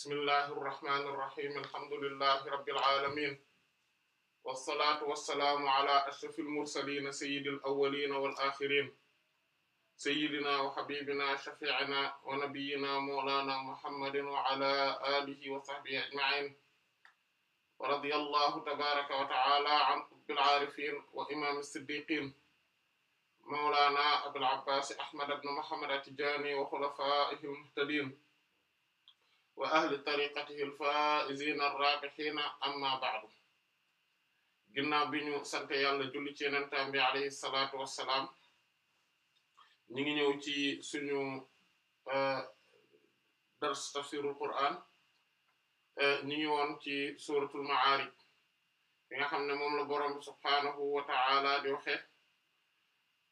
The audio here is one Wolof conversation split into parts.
bismillahi irrahmani irrahim alhamdulillahi rabbil alamin wassalatu wassalaamu ala ashrafil mursalin sayyidil awwalin wal akhirin sayyidina wa habibina shafi'ina wa nabiyyina mawlana muhammadin wa ala alihi wa sahbihi ajma'in wa radiyallahu tabaraka wa ta'ala an qutbil arifin wa imam as-siddiqin mawlana abul abbas ahmad ibn muhammad at-tijani wa khulafa'ihil muhtadin wa ahli tariqatihi al-faa'izina ar-raabihiina amma ba'du ginnaaw bi ñu sant yàlla julli ci yenentam bi alayhi salaatu wassalaam ñi ngi ñëw ci suñu euh, dars tafsirul qur'an euh, ñi ngi woon ci suratul ma'aarij fi nga xam ne moom la boroom bi subhaanahu wa ta'ala di waxe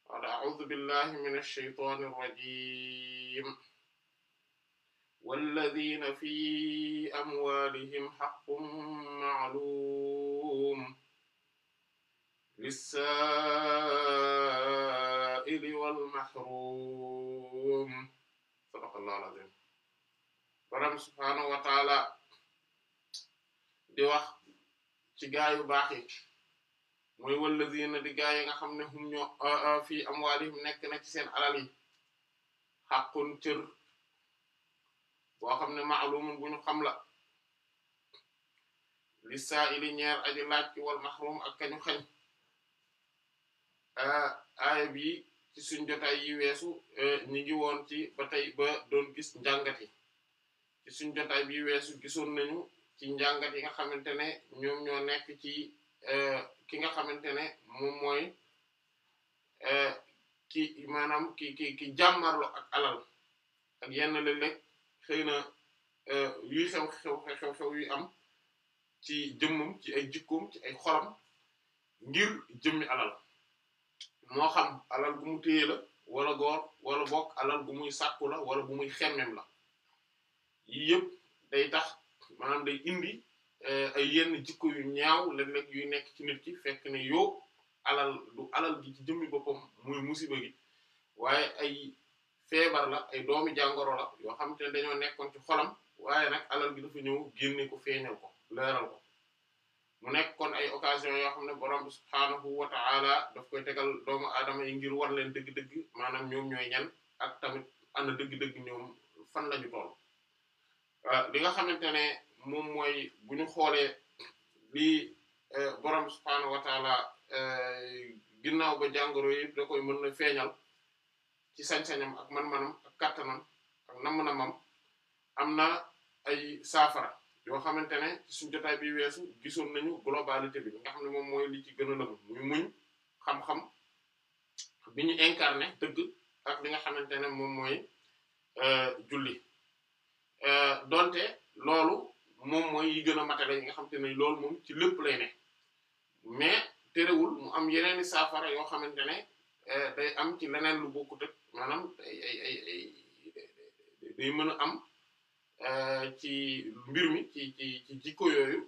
wala a'uudu billahi minash shaytaanir rajiim والذين في أموالهم حق معلوم للسائل والمحروم صدق الله العظيم borom subhaanahu wa taala di wax ci gaa yu baax yi mooy wallazina di gaa yi nga xam ne hum ñoo fii amwaalihim nekk na ci seen alal yi xaqun cër boo xam ma maalumun bu ñu xam la li lissaa'ili ñeer aji laaj ci wal mahrum ak kañu xañ ah, aaya bi ci suñ jotaay yi weesu eh, ñi ngi ci ba tey ba doon gis njàngat yi ci suñ jotaay bi weesu gisoon nañu ci njàngat yi nga xamante ne ñoom ñoo nekk ci eh, ki nga xamante ne moom mooy eh, ki maanaam ki ki ki jàmmarlo ak alal ak yenn léeg-léeg xëy na euh, yuy xew xew xew xew yuy am ci jëmmam ci ay jikkoom ci ay xolam ngir jëmmi alal moo xam alal bu mu téye la wala goor wala bokk alal bu muy sàkku la wala bu muy xemmem la yii yëpp day tax maanaam day indi euh, ay yenn jikko yu ñaaw la léeg yu nekk ci nit ci fekk ne yow alal du alal gi ci jëmmi boppam muy musiba gi waaye feebar la ay doomi jàngoro la yoo xamante ne dañoo nekkoon ci xolam waaye nag alal bi dafa ñëw génne ko feeñal ko leeral ko mu nekk kon ay occasion yoo xam ne borom bi subhaanahu wa ta'ala daf koy tegal doomu aadama yi ngir war leen dëgg-dëgg maanaam ñoom ñooy ñan ak tamit ana dëgg-dëgg ñoom fan lañu toll ah, li nga xamante ne moom mooy bu ñu xoolee eh, borom bi subhaanahu wa ta'ala eh, ginnaaw ba jàngoro yi da koy mën na feeñal ci sañ-sañam ak man-manam ak kattanam ak namm-namam am na ay saafara yoo xamante ne suñ jotaay bi weesu gisoon nañu globalité bi nga xam ne moom mooy li ci gën a lëgu muy muñ xam-xam bi ñu incarné dëgg ak li nga xamante ne moom mooy euh, julli euh, donte loolu moom mooy yi gën a matale yi nga xamante ne loolu moom ci lépp lay ne mais terewul mu am yeneeni saafara yoo xamante ne Eh, day am ci leneen lu bokkut ak maanaam ay ay day mën a am eh, ci mbir mi ci ci ci jikko yooyu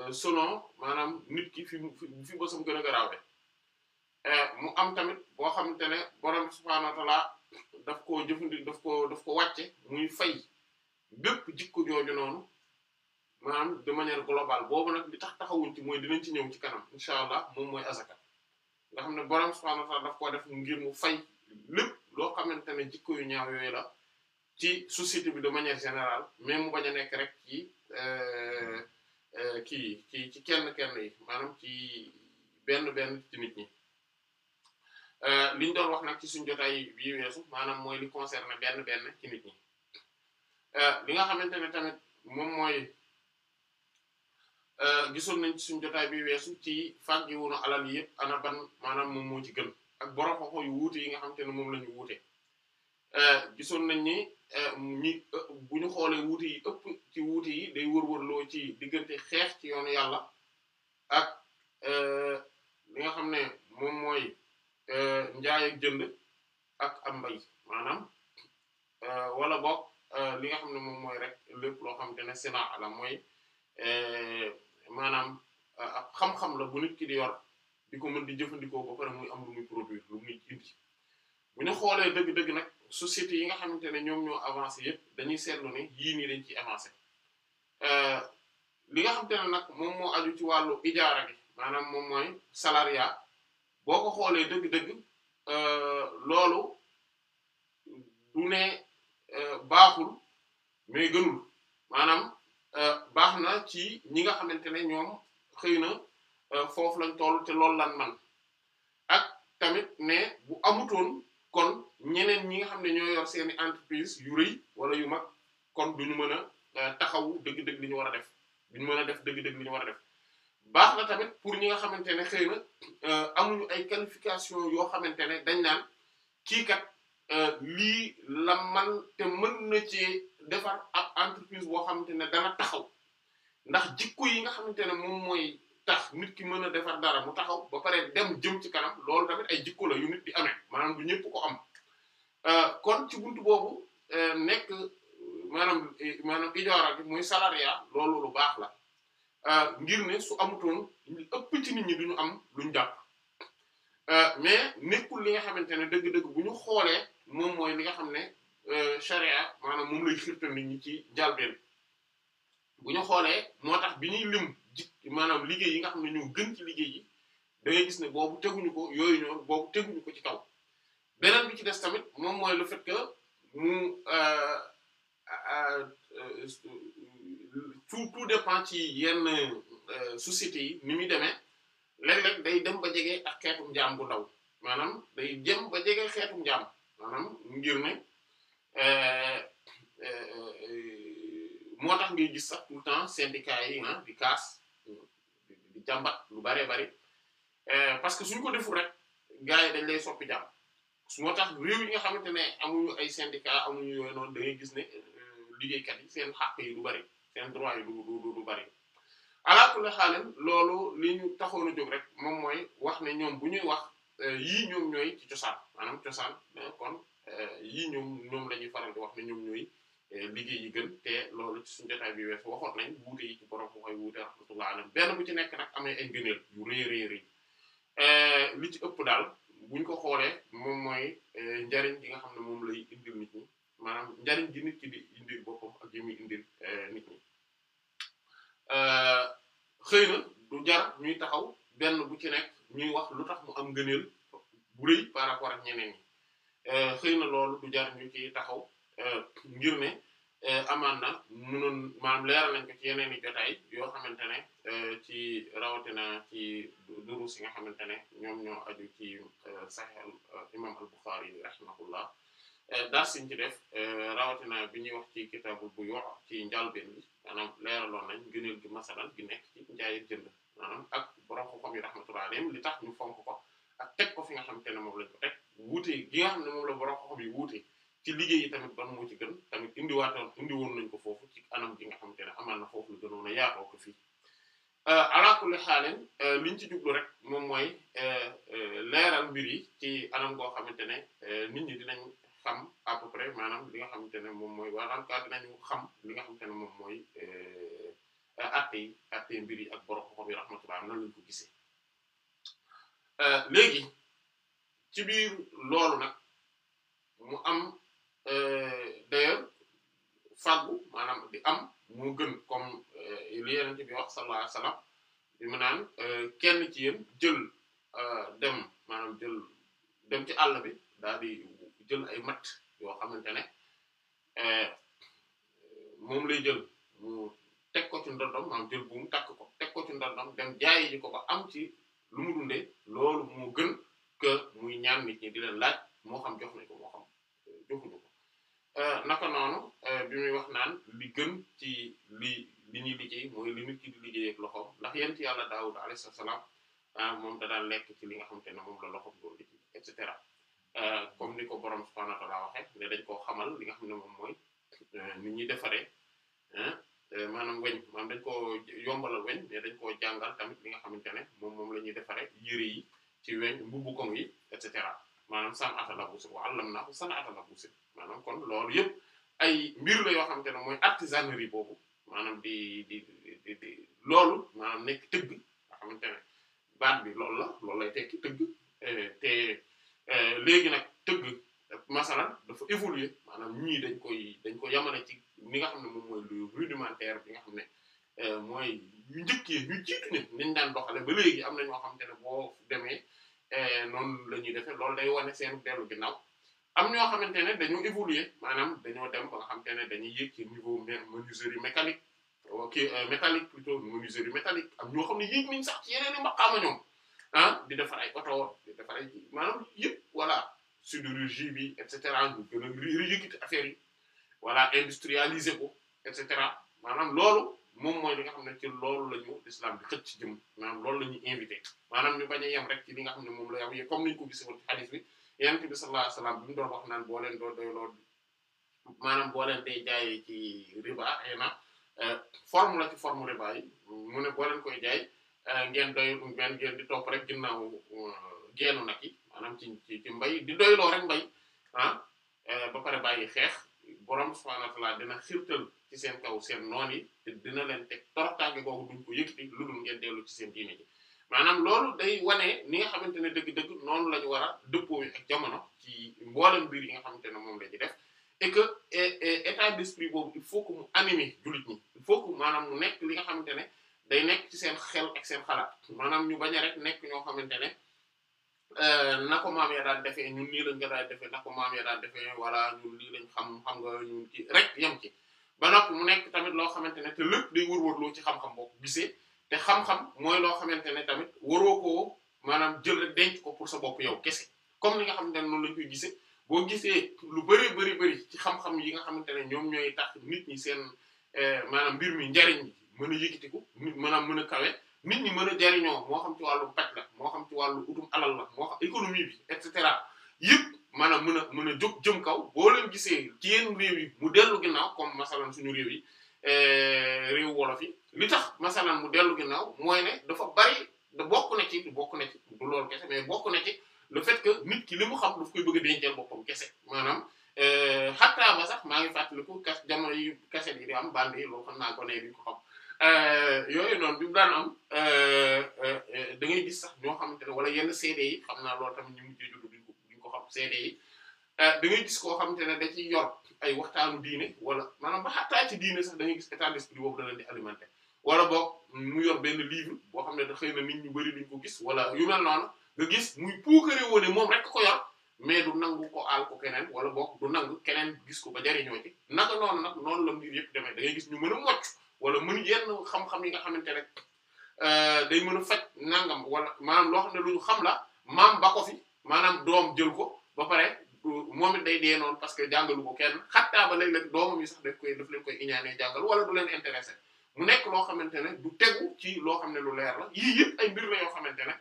eh, selon maanaam nit ki fi mu fi bosam gën a garaawe mu am tamit boo xamante ne borom subhaanahu wa daf koo jëfandi daf ko daf ko wàcce muy fay bépp jikko jooju noonu maanaam de manière globale boobu nag li tax taxawuñ ci mooy dinañ ci ñëw ci kanam incha allah moom mooy azaka nga xam ne borom subhaanahu wa daf ko def ngir mu fay lépp loo xamante ne jikko yu ñaaw yooyu la ci société bi de manière général mais mu bañ nekk rek ci euh, euh, kii ci ci kenn kenn yi maanaam ci benn benn ci nit ñi. Euh, liñ ñu doon wax nag ci suñ jotaay bii weesu maanaam mooy li concerné benn benn ci nit ñi li nga xamante ne tamit moom mooy. Euh, gisoon nañ suñ suñu jotaay bi weesu ci fàgg yi woonu alal yi yëpp ana ban maanaam moom moo ci gën ak borom xoxo yu wuute yi nga xam te ne moom la ñu euh, gisoon nañ ni euh, ñi bu ñu xoolee wuute yi ëpp ci wuute yi day wër-wërloo ci diggante xeex ci yoonu yàlla ak li nga xam ne moom mooy njaay ak jënd ak am mbay maanaam wala boog li nga xam ne moom mooy rek lépp loo xam te ne sina ala mooy maanaam euh, ak xam-xam la bu nit ki di yor di ko mën di jëfandikoo ba pare muy am lu muy produire lu muy bu ñu xoolee dëgg-dëgg nag société yi nga xamante ne ñoom ñoo avancé yépp dañuy seetlu ne yii nii dañ ci avancé euh, li nga xamante na nag moom moo aju ci wàllu ijaara gi maanaam moom mooy salariat boo ko xoolee dëgg-dëgg euh, loolu du ne baaxul mais gënul maanaam Euh, baax na ci ñi nga xamante ne ñoom xëy na euh, foofu lañ toll te loolu lan man ak tamit ne bu amutoon kon ñeneen ñi nga xam ne ñoo yor seeni entreprise yu rëy wala yu mag kon duñu mën a euh, taxaw dëgg-dëgg li ñu war a def duñu mën a def dëgg-dëgg li ñu war a def baax na tamit pour ñi nga xamante ne xëy na amuñu ay qualification yoo xamante ne dañ naan kii kat lii la man te mën na ci defar ab entreprise boo xamante ne dana taxaw ndax jikko yi nga xamante ne moom mooy tax nit ki mën a defar dara mu taxaw ba pare dem jëm ci kanam loolu tamit ay jikko la yu nit di amee maanaam du ñëpp ko am euh, kon ci buntu boobu euh, nekk maanaam maanaam ijaara bi muy salariat loolu lu baax la euh, ngir ne su amutoon ëpp ci nit ñi duñu am luñ jàpp mais nekkul li nga xamante ne dëgg-dëgg bu ñu xoolee moom mooy li nga xam ne Euh, sharia maanaam moom lay xirtal nit ñi ci jalbeen bu ñu xoolee moo tax bi ñuy lim maanaam liggéey yi nga xam ne ñoo gën ci liggéey yi gis ne boobu teguñu ko yooyu ñoo boobu teguñu ko ci kaw beneen bi ci des tamit moom mooy le fait que mu euh, euh, tout tout dépend ci yenn sociétés yi ni muy demee léeg-léeg day dem ba jege ak xeetum jaam bu ndaw maanaam day jëm ba jege xeetum jaam maanaam ngir ne Euh, euh, moo tax ngay gis sax tout le temps syndicat yi ah di kaas di jàmbat lu baree bari euh, parce que suñ ko deful rek gars yi dañ lay soppi jàmm moo tax réew yi nga xamante ne amuñu ay syndicat amuñu yooyu noonu da gis ne liggéeykat yi seen xàq yi du bari seen droit yi du du du bari alaakulli xaaral loolu li ñu taxoon a jóg rek moom mooy wax ne ñoom bu ñuy wax yi ñoom ñooy ci cosaan maanaam cosaan kon. Euh, yii ñoom ñoom la ñuy faral di wax ne ñoom ñooy euh, liggéey yi gën te loolu ci suñu jotaay bi weesu waxoon nañ wuute yi ci borom ko koy wuute rahmatullah bu ci nekk amee ay gëneel yu rëy rëy euh, li ci ëpp daal buñ ko xoolee moom mooy njariñ gi nga xam moom lay indil nit ñi maanaam njariñ gi nit ki di indil boppam ak yi muy indil nit ñi xëy na du jar ñuy taxaw benn bu ci nekk ñuy wax lu tax mu am gëneel bu rëy par rapport ak ñeneen ñi Euh, xëy na lool du jar ñu ci taxaw euh, ngir ne euh, amaan na munoon maanaam leeral nañ ko ci yeneen i yoo xamante ne ci rawatina ci durus yi nga xamante ne ñoom ñoo aju ci Sahih imam al-Bukhari rahimahullah daal siñ ci def rawatina bi ñuy wax ci kitaabul bu yoo ci njàlbeen bi leeraloon nañ gëneel gi masalan gi nekk ci njaay ak jënd ak borom yi rahmatullah alayhim li tax ñu fonk ko ak teg ko fi nga xamante ne moom lañ ko teg wuute gi nga xam ne moom la borom xam-xam ci liggéey yi tamit ban moo ci gën tamit indiwaatoon indi woon nañ ko foofu ci anam gi nga xamante ne na foofu lu gënoon a yaatoo ko fii euh, ala kulli euh, liñ ci jublu rek moom mooy euh, leeral mbir ci anam goo xamante ne nit ñi dinañ xam à peu près maanaam li nga xamante ne moom mooy maanaam ka dinañu xam li nga xamante ne moom mooy atte yi ak borom xam-xam yi rahmatullah nan lañ ko gisee ci biir loolu na mu am euh, d'ailleurs fàggu maanaam di am mu gën kom euh, li yeneen bi wax sallallahu alayhi wasallam bi mu naan euh, kenn ci yéen jël dem maanaam jël dem ci àll bi daal jël ay matt yoo xamante moom lay jël mu teg ko ci ndondom maanaam jël buum takk ko teg ci ndondom dem jaayi ji ko ba am ci lu mu dundee nit ñi di laaj moo xam jox na ko moo xam euh, joxuñu ko euh, naka euh, bi muy wax naan li gën ci li li ñuy liggéey mooy li nit ki di liggéey ak loxoom ndax yent yàlla Daawud alayhi salaam moom da daan lekk ci li nga xamante ne moom la loxo doon liggéey et cetera comme ni ko borom subhaanahu wa ta'aala waxee dañ koo xamal li nga xam ne moom mooy ni ñuy defaree maanaam weñ maanaam dañ ko yombalal weñ mais dañ koo jàngal tamit li nga xamante ne moom moom la ñuy defaree yére yi ci weñ mbubu koŋ yi et cetera maanaam san'ata labuusin wa 'allamnaahu san'ata labuusin maanaam kon loolu yëpp ay mbir la xam xamante ne mooy artisanerie boobu maanaam di di di di loolu maanaam nekk tëgg nga xamante ne baat bi lool la lool lay tekki tëgg eh, te eh, léegi nag tëgg masala dafa évoluer maanaam ñi dañ koy dañ ko yamale ci li nga xam ne moom mooy lu rudimentaire bi nga xam ne eh, mooy ñu njëkkee ñu jiitu ne nañ daan doxale ba léegi day seen seenu dellu ginnaaw am ñoo xamante ne dañoo évoluer maanaam dañoo dem ba nga xamante ne dañuy yéeg ci niveau menuiserie mécanique ok euh, euh, métallique plutôt menuiserie métallique am ñoo xam ne yéeg nañ sax ci yeneen i maqaama ñoom ah di defar ay oto di defar ay maanaam yëpp voilà sidérurgie bi et cetera ñu gën a yëkkati affaire yi voilà industrialiser ko et cetera maanaam loolu moom mooy li nga xam ne ci loolu la ñu l'islam di loolu la ñuy invité maanaam ñu bañ a rek ci li nga xam ne moom la yow ye comme niñu ko gis woon ci hadith bi yonent bi sallallahu alayhi wasallam bi mu doon wax naan boo leen lool maanaam boo leen ci riba ay euh, la ci forme riba mu ne koy jaay euh, ngeen doy benn di topp rek ginnaaw euh, geenu nag yi maanaam ci mbay di doyloo rek mbay ah, ba pare bàyyi xeex borom subhaanahu wa ta'aala dina xirtal ci seen kaw seen noon yi te dina leen teg toroxtaange googu duñ ko yëkkati lu dul ngeen dellu ci seen diine ji maanaam loolu day wane ni nga xamante ne dëgg-dëgg noonu la ñu war a dëppoo ak jamono ci mboolem mbir yi nga xamante ne moom la ñu def et que état d'esprit boobu il faut que mu animer jullit ñi il faut que mu nekk li nga xamante ne day nekk ci seen xel ak seen xalaat maanaam ñu bañ a nekk ñoo xamante ne euh, na ko maam ya defee ñun nii lañ ko daan defee na ko maam ya daan defee wala ñun lii lañ xam xam nga rek yem ci ba noppi tamit loo xamante ne te lépp day wër-wër loo ci xam-xam boobu gisee. te xam-xam mooy loo xamante ne tamit waroo koo maanaam jël rek denc ko pour sa bopp yow kese comme ni nga xamante ne noonu lañ koy gisee boo gisee lu bëri bëri bëri ci xam-xam yi nga xamante ne ñoom ñooy tax nit ñi seen eh, maanaam mbir mi njariñ mën a yëkkatiku nit maanaam mën a kawe nit ñi mën a jariñoo moo xam ci wàllu paj la moo xam ci wàllu utum alal la moo xam économie bi et cetera yëpp maanaam mën a mën a jóg jëm kaw boo leen gisee ci yenn réew yi mu dellu ginnaaw comme masalan suñu réew yi eh, réew wolof yi li tax masalan mu dellu ginnaaw mooy ne dafa bari da bokk na ci bokk na ci du loolu kese mais bokk na ci le fait que nit ki li mu xam daf koy bëgg a dencal boppam kese maanaam xataa euh, ba sax maa ngi fàttaliku kas jamono yi kaset yi am bande yi xam naa ko bi ko xam euh, yooyu noonu bi mu daan am euh, da ngay gis sax ñoo xamante ne wala yenn CD yi xam naa loolu tamit ñu mujjee juddu ko duñ yi da ngay gis koo xamante ne da ciy yor ay waxtaanu diine wala maanaam ba xataa ci diine sax da ngay gis état d'esprit boobu da leen di alimenter wala boog mu yor benn livre boo xam ne da xëy na nit ñu bari duñ ko gis wala yu mel noonu nga gis muy puukare woone moom rek ko yor mais du nangu ko aal ko wala boog du nangu gis ko ba jariñoo ci naka noonu noonu la demee da ngay gis ñu mën a wala mën yenn xam-xam yi nga xamante ne euh, day mën a faj nangam wala maanaam loo xam ne lu ñu xam la maam ba fi maanaam doom jël ko ba pare euh, moom it day dee noonu parce que jàngalu ko kenn xattaa ba léeg-léeg doomam yi sax daf koy daf leen koy iñaanee jàngal wala du leen intéressé nekk loo xamante ne du tegu ci loo xam ne lu leer la yii yëpp ay mbir la yoo xamante ne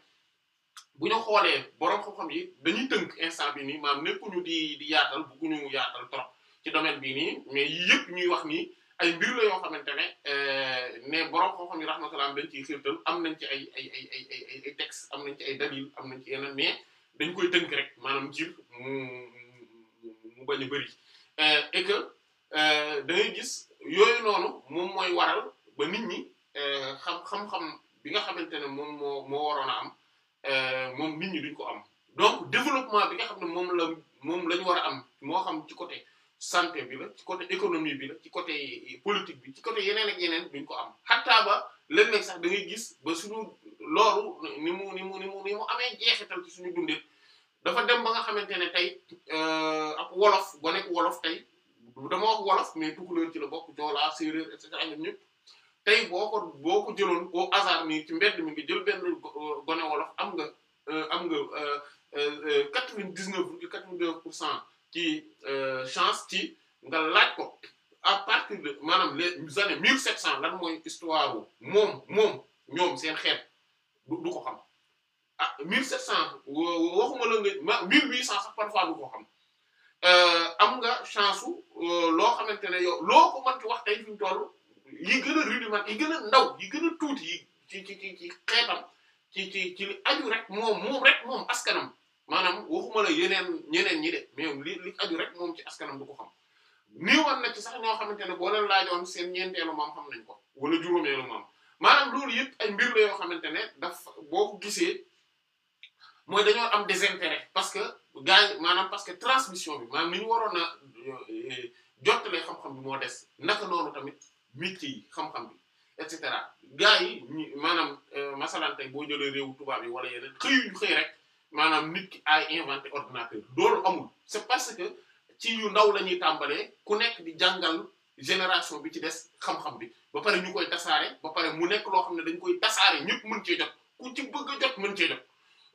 bu ñu xoolee borom yi dañuy tënk instant bi nii maanaam nekkuñu di di yaatal bëgguñu yaatal trop ci domaine bi nii mais ñuy wax nii ay mbir yoo xamante ne euh, ne borom xam-xam yi rahmatullah dañ ciy xirtal am nañ ci ay ay ay ay ay am nañ ci ay dalil am nañ ci yeneen mais dañ koy tënk rek maanaam ci mu mu bañ a bëri euh, et que euh, da gis yooyu noonu moom mooy waral. ba nit ñi euh, xam xam bi nga xamante ne moom moo moo waroon a am euh, moom nit ñi duñ ko am donc développement bi nga xam ne moom la moom la ñu war a am moo xam ci côté santé bi la ci côté économie bi la ci côté politique bi ci côté yeneen ak yeneen duñ ko am xattaa ba léeg-léeg sax da ngay gis ba suñu loolu ni mu ni mu ni mu ni mu amee jeexital ci suñu dundee dafa dem ba nga xamante ne tey euh, ak wolof ba nekk wolof tey dama wax wolof mais tukulóor ci la bokk joolaa séeréer et cetera ñun ñëpp tey boo ko boo ko jëloon au hasard nii ci mbedd mi ngi jël benn euh, gone wolof am nga euh, am nga euh, quatre vingt dix neuf virgule quatre vingt neuf pour cent ci chance ci nga laaj ko à partir de maanaam les années mille sept cent lan mooy histoire wu moom moom ñoom seen xeet du ko xam ah mille sept cent waxuma la nga ma mille huit cent sax parfois du ko xam am nga chance su loo xamante ne loo ko mën ci wax tey fi toll yi gën a rudiment yi gën a ndaw yi gën a tuuti yi ci ci ci ci ci ci ci li aju rek moom moom rek moom askanam maanaam waxuma la yeneen ñeneen ñi de mais li li aju rek moom ci askanam du ko xam néewal na ci sax ñoo xamante ne boo leen laajoon seen ñeenteelu maam xam nañ ko wala juróomeelu maam yoo xamante ne daf boo ko gisee mooy dañoo am désintérêt parce que gars yi maanaam parce que transmission bi maanaam ni ñu waroon a euh, euh, jottalee xam-xam bi moo des naka noonu tamit. métier yi xam-xam bi et cetera gars yi ñu maanaam euh, masalan tey boo jëlee réewu tubaab yi wala yeneen xëyuñu xëy rek maanaam nit ki ay inventé ordinateur loolu amul c'est parce que ci yu ndaw la ñuy tàmbalee ku nekk di jàngal génération bi ci des xam-xam bi ba pare ñu koy tasaare ba pare mu nekk loo xam ne dañ koy tasaare ñëpp mën cee jot ku ci bëgg a jot mën cee jot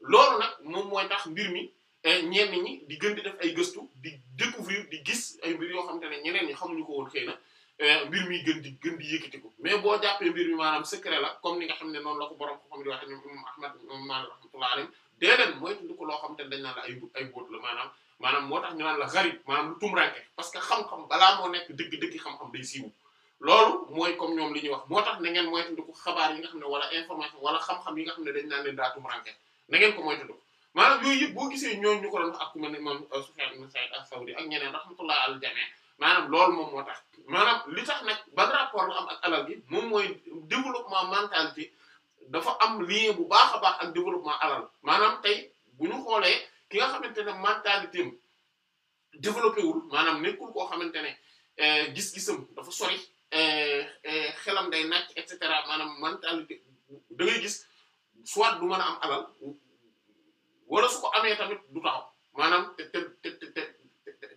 loolu nag moom mooy tax mbir mi eh, ñenn ñi di gën di def ay gëstu di découvrir di gis ay mbir yoo xam te ne ñeneen ñi xamuñu ko woon xëy Euh, mbir mi gën di gën di yëkkatiku mais boo jàppee mbir mi maanaam secret la comme ni nga xam ne noonu la ko borom ko xam di waxe ñoom loo xam te dañ naan la ay maanaam maanaam moo la gharib parce que xam-xam balaa moo nekk dëgg mooy comme ñoom li ñuy wax moo tax na ngeen moytandiku xabaar yi nga ne information wala xam-xam yi nga xam ne dañ naan leen daa tumranke na ngeen ko moytandiku maanaam yooyu yëpp boo gisee ñooñu ñu ko doon wax ak ku mel ne imam Sufyan ibn Sa'id as ak ñeneen rahmatullah al jami' maanaam loolu moom moo tax maanaam li tax nag ban rapport la am ak alal gi moom mooy développement mentalité dafa am lien bu baax a baax ak développement alal maanaam tey bu ñu xoolee ki nga xamante ne mentalité am développé wul maanaam nekkul koo xamante ne gis-gisam dafa sori xelam day nàcc et cetera maanaam mentalité da ngay gis soit du mën am alal wala su ko amee tamit du taxaw maanaam te te te te te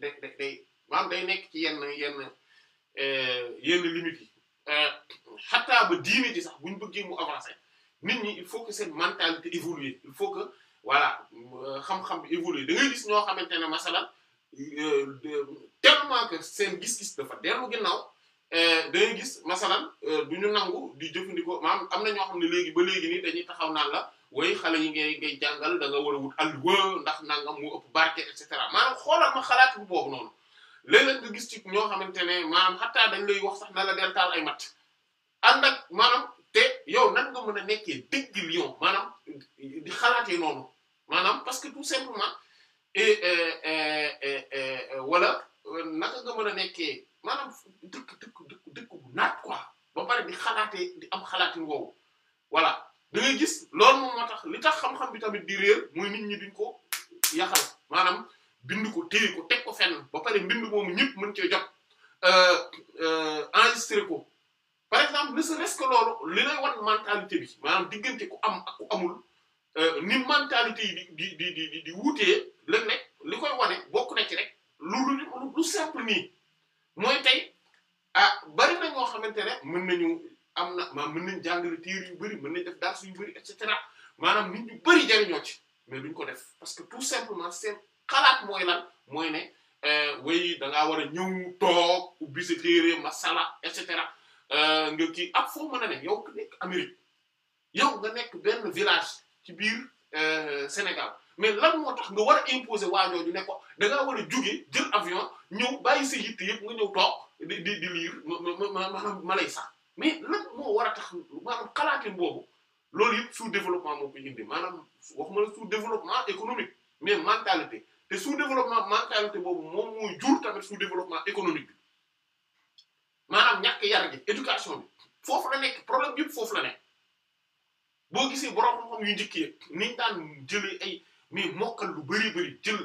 day day nekk ci yenn yenn. Euh, yenn limites yi xataa euh, ba diine ji sax bu bëggee mu avancer nit ñi il faut que seen mentalité évolue il faut que voilà euh, xam-xam bi évolue da ngay gis ñoo xamante ne masalan tellement que seen gis-gis dafa dellu ginnaaw da ngay gis masalan du ñu nangu di jëfandikoo maanaam am na ñoo xam ne léegi ba léegi nii dañuy taxaw naan la way xale yi ngay ngay jàngal da nga war a wut ndax nanga mu ëpp barke et cetera maanaam xoolal ma xalaat bu boobu noonu. léeg-léeg nga gis ci ñoo xamante ne maanaam xataa dañ lay wax sax na la del taal ay matt ànd ak maanaam te yow nan nga a nekkee dëgg lion maanaam di xalaatee noonu maanaam parce que tout simplement wala naka nga mën a nekkee maanaam dëkk dëkk dëkk dëkk bu naat quoi ba pare di xalaatee di am xalaatin woowu voilà da ngay gis loolu moom moo tax li tax xam-xam bi tamit di réer muy nit ñi duñ ko yaxal maanaam bind ko téye ko teg ko fenn ba pare mbind moomu ñëpp mën cee jot euh, euh, enregistré ko par exemple ne serait-ce que loolu li lay wan mentalité bi maanaam diggante ku am ak ku amul euh, ni mentalité yi di di di di di wutee la nekk li koy wane bokk na ci rek lu lu lu simple nii mooy tey a ah, bari na ñoo xamante ne mën nañu am na ma mën nañ jàngale téere yu bari mën nañ def dars yu bari et cetera maanaam nit ñu bari jariñoo ci mais duñ ko def parce que tout simplement seen xalaat mooy lan mooy ne euh, way da ngaa war a ñëw toog ubbi sa téere masala et euh, nga kii ak foo mën a ne yow nga nekk Amérique yow nga nekk benn village ci biir euh, Sénégal mais lan moo tax nga war a imposer waajooju ne ko da ngaa a jóge jël avion ñëw bàyyi sa yitte yëpp nga ñëw toog di di di liir ma ma ma lay sax mais lan moo war a tax maanaam xalaatin boobu loolu yëpp sous développement moo koy indi maanaam waxuma la sous développement économique mais mentalité te sous-développement mentalité boobu moom mooy jur tamit sous-développement économique bi maanaam ñàkk yar gi éducation bi foofu la nekk problème bi yëpp foofu la nekk boo gisee borom xam-xam yu njëkk yi niñ daan jëlee ay mais mokkal lu bari bari jël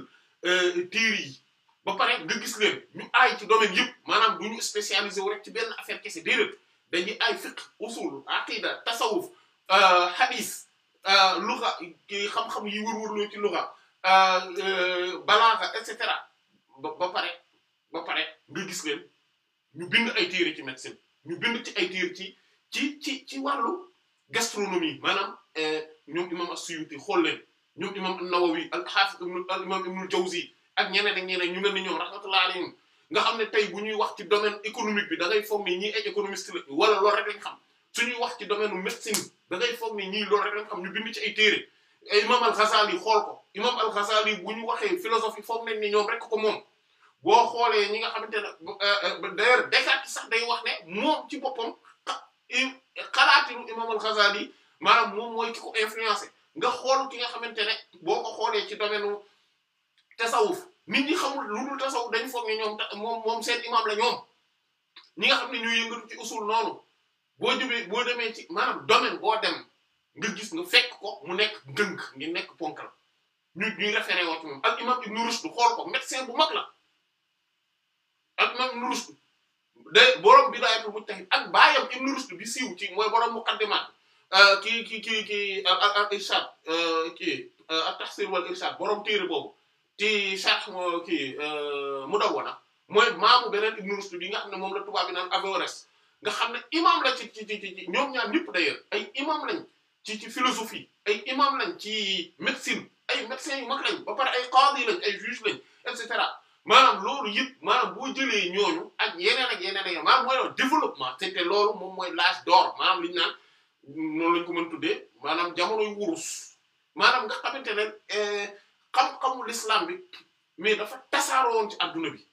euh, téere yi ba pare nga gis leen ñu aay ci domaine yëpp maanaam du ñu spécialisé wu rek ci benn affaire kese déedéet dañuy aay fiqh usul aqida tasawuf euh, hadis euh, luxa xam-xam yi wër-wër loo ci luxa Euh, euh, balaaga et cetera ba ba pare ba pare nga gis leen ñu bind ay téere ci médecine ñu bind ci ay téere ci ci ci ci wàllu gastronomie maanaam euh, ñoom imam as-Suyuti xool leen ñoom imam an-Nawawi al-Hafiz imam Ibn al-Jawzi ak ñeneen ak ñeneen ñu mel ni ñoom rahmatullahi alayhim nga xam ne tey bu ñuy wax ci domaine économique bi da ngay foog ni ñii ay économiste la wala loolu rek xam su suñuy wax ci domaine médecine da ngay foog ni ñii loolu rek xam ñu bind ci ay téere imam al-Ghazali xool ko imam al-Ghazali bu ñu waxee philosophie foog nañ ni ñoom rek ko moom boo xoolee ñi nga xamante ne euh, euh, d'ailleurs Descartes sax day wax ne moom ci boppam xalaatinu imam al-Ghazali maanaam moom mooy ki ko influencé nga xool ki nga xamante ne boo ko xoolee ci domaine tasawuf nit ñi xamul lu dul tasawuf dañ foog ne ñoom moom moom seen imam la ñoom ñi nga xam ne ñu yëngatu ci usul noonu boo jubee boo demee ci maanaam domaine boo dem nga gis nga fekk ko mu nekk dënk ngi nekk ponkal ñu ñuy référé woo ci moom ak imam Ibn Rushd xool ko médecin bu mag la ak imam Ibn Rushd de borom Bidaayatul Mujtahid ak baayam Ibn Rushd bi siiw ci mooy borom muqaddimaat euh, kii kii kii kii ak ak Irshad euh, kii euh, at-Tahsir wal Irshad borom téere boobu ci Sharh kii Mudawwana mooy maamu beneen Ibn bi nga xam ne moom la tubaab bi naan Averroès nga xam ne imam la ci ci ñoom ñaar ñëpp d'ailleurs ay imam lañ. ci ci philosophie ay imam lañ ci médecine ay médecins yu mag lañ ba pare ay qaadi lañ ay juge lañ et cetera maanaam loolu yëpp maanaam boo jëlee ñooñu ak yeneen ak yeneen ak yeneen maanaam mooy loolu développement c'était loolu moom mooy l'âge d'or maanaam li naan noonu lañ ko mën tuddee maanaam jamonoy wurus maanaam nga xamante ne eh, xam-xamu l'islam bi mais dafa tasaaroo woon ci adduna bi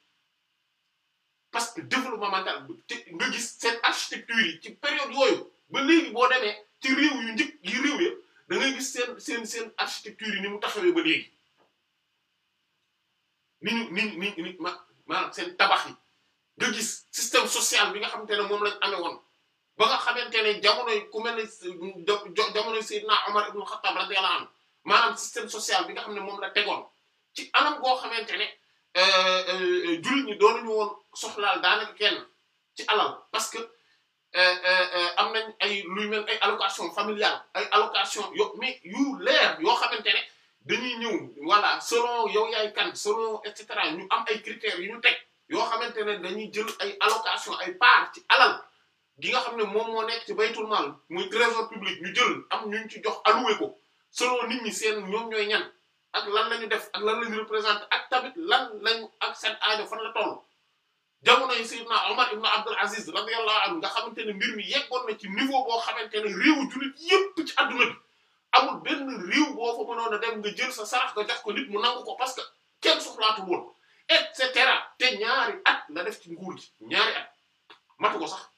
parce que développement mental nga gis seen architecture yi ci période yooyu ba léegi boo demee. ci réew yu njëkk yi réew ya da ngay gis seen seen seen architecture yi ni mu taxawee ba léegi ni ni ni ni maanaam seen tabax yi nga gis système social bi nga xamante ne moom lañ amee woon ba nga xamante ne jamonoy ku mel ne jamonoy Seydina Omar ibn Khattab radiyallahu anhu maanaam système social bi nga xam ne moom la tegoon ci anam goo xamante ne euh, euh, euh, jullit ñi doonuñu woon soxlaal daanaka kenn ci alal parce Eh, eh, eh, am nañ ay luy mel ay allocation familiale ay allocation yo mais yu leer yoo xamante ne dañuy ñëw voilà selon yow yaay kan selon et cetera ñu am ay critères yu ñu teg yoo xamante ne dañuy jël ay allocation ay part ci alal gi nga xam ne moom nekk ci baytul maal muy trésor public ñu jël am ñu ñu ci jox alloué ko selon nit ñi seen ñoom ñooy ñan ak lan la ñu def ak lan la ñu représenté ak tamit lan lañu ak seen aajo fan la toll. jamono yi Seydina Omar ibn Abdul Aziz radiyallahu anhu nga xamante ne mbir mi yeggoon na ci niveau boo xamante ne réewu jullit yépp ci adduna bi amul benn réew boo fa mënoon a dem nga jël sa sarax nga jox ko nit mu nangu ko parce que kenn soxlaatu woon et cetera te ñaari at la def ci nguur gi ñaari at matu ko sax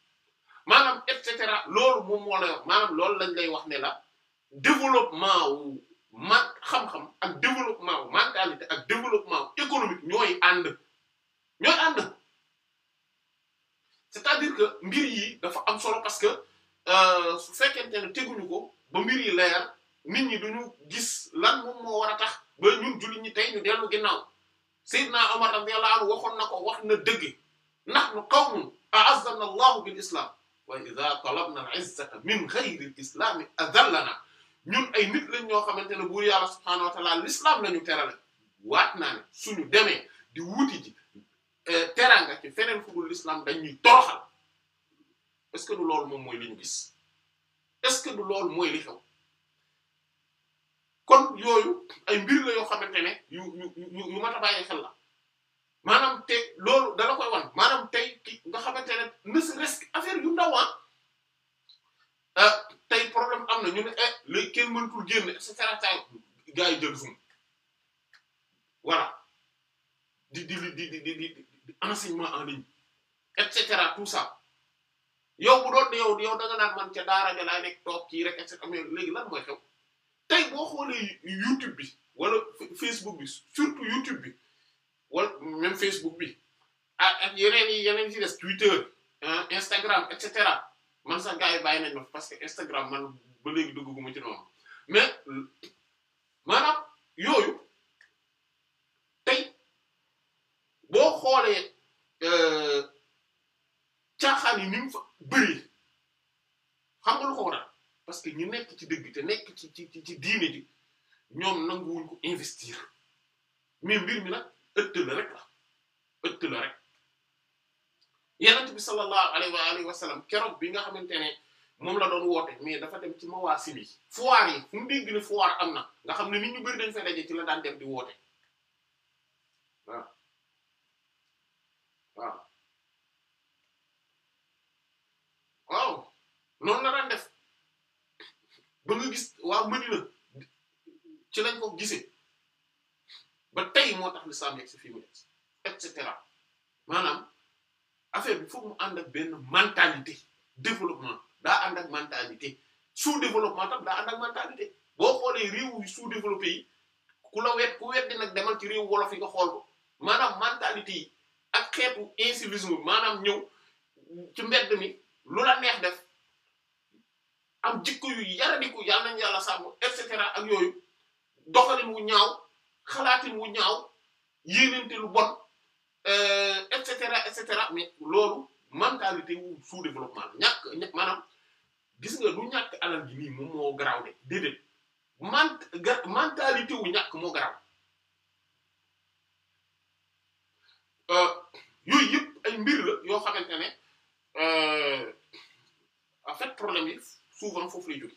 maanaam et cetera loolu moom moo lay wax maanaam loolu lañ lay wax ne la développement wu man xam-xam ak développement wu mentalité ak développement wu économique ñooy ànd ñooy ànd. c'est-à-dire que mbir yi dafa am solo parce que euh, su fekkente ne teguñu ko ba mbir yi leer nit ñi duñu gis lan moom moo war a tax ba ñun jullit ñi tey ñu dellu ginnaaw Seydina Omar radiyallahu anhu waxoon na ko wax na dëgg nahnu qawmun a'azzana Allahu bil islam wa idha talabna al-izzata min ghayri al-islam adallana ñun ay nit lañ ñoo xamante ne buur yàlla subhaanahu wa ta'ala l'islam ñu terale waat naa ne suñu demee di wuti ji Euh, teraanga ci feneen fu dul l'islam dañ ñuy toroxal est-ce que du loolu moom mooy li ñu gis est-ce que du loolu mooy li xew kon yooyu ay mbir la yoo xamante ne yu yu yu yu mat a bàyyi xel la maanaam te loolu dala koy wan maanaam tey ki nga xamante ne ne serait affaire yu ndaw ah, euh, tey problème am na ñu ne eh léegi kenn mënatul génn et cetera gars yi jël fum voilà di di di di di. du enseignement en ligne et cetera tout ça yow bu doon yow yow da naa naan man ca daara ja laa nekk toog kii rek et cetera mais léegi lan mooy xew tey boo xoolee YouTube bi wala Facebook bi surtout YouTube bi wala même Facebook bi a ak yeneen yi yeneen yi ci des Twitter Instagram et cetera man sax gars yi parce que Instagram man ba léegi dugguma ci noonu mais maanaam yooyu. boo xoolee euh, caaxaan yi ni mu fa bëri xam nga lu ko waral parce que ñu nekk ci dëgg te nekk ci ci ci diine ji ñoom nangu ko investir mais mbir mi nag ëtt la rek la ëtt la rek yonent bi sallallahu alayhi wa alihi wa keroog bi nga xamante ne moom la doon woote mais dafa dem ci mawaasim yi foire yi fu mu dégg ne foire am na nga xam ne nit ñu bëri dañ fay daje ci la daan dem di woote waaw waaw noonu la daan def ba nga gis waaw Madina ci lañ ko gisee ba tey moo tax lislaam yegg si fii mu yegg et cetera maanaam affaire bi foog mu ànd ak benn mentalité développement daa ànd ak mentalité sous développement tam daa ànd ak mentalité boo xoolee réew yu sous développé yi ku la wet ku wet nag demal ci réew wolof yi nga xool ko maanaam mentalité yi ak xeetu incivisme maanaam ñëw ci mbedd mi lu la neex def am jikko yu yaradiku yàlla nañu yàlla sàmm et cetera ak yooyu doxalin wu ñaaw xalaatin wu ñaaw yéenante lu bon euh, et cetera et cetera mi loolu mentalité wu sous développement la ñàkk maanaam nga lu ñàkk alal gi nii moom moo garaaw de mentalité wu ñàkk moo garaaw euh, yooyu yëpp ay mbir la yoo xamante ne. Euh, en fait problème yi souvent foofu lay jóge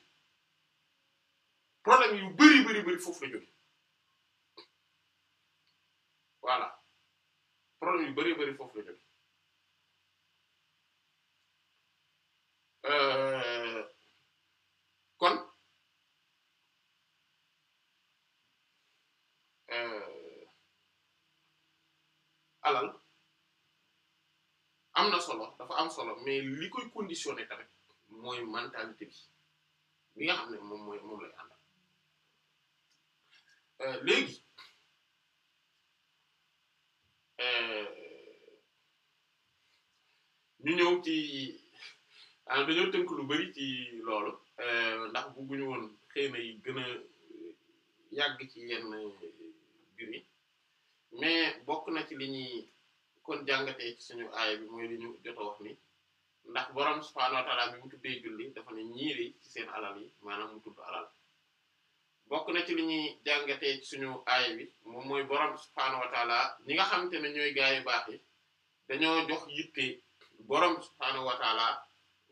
problème yu bari bari bari foofu la jóge voilà problème yu bari bari foofu la jóge euh, kon euh, alal am na solo dafa am solo mais li koy conditionné tamit mooy mentalité bi bi nga xam ne moom mooy moom lay àndal euh, léegi euh, ñu ñëw ci ah, dañoo tënk lu bari ci loolu euh, ndax bëgguñu woon xëy na yi gën yàgg ci yenn mbir mais bokk na ci li ñuy kon jàngatee ci suñu aaya bi mooy li ñu jot a wax ni ndax borom subhaanahu wa ta'aala bi mu tuddee julli dafa ne ñiiri ci seen alal yi maanaam mu tudd alal bokk na ci li ñuy jàngatee ci suñu aaya bi moom mooy borom subhaanahu wa ta'aala ñi nga xamante ne ñooy gaa yu baax yi dañoo jox yitte borom subhaanahu wa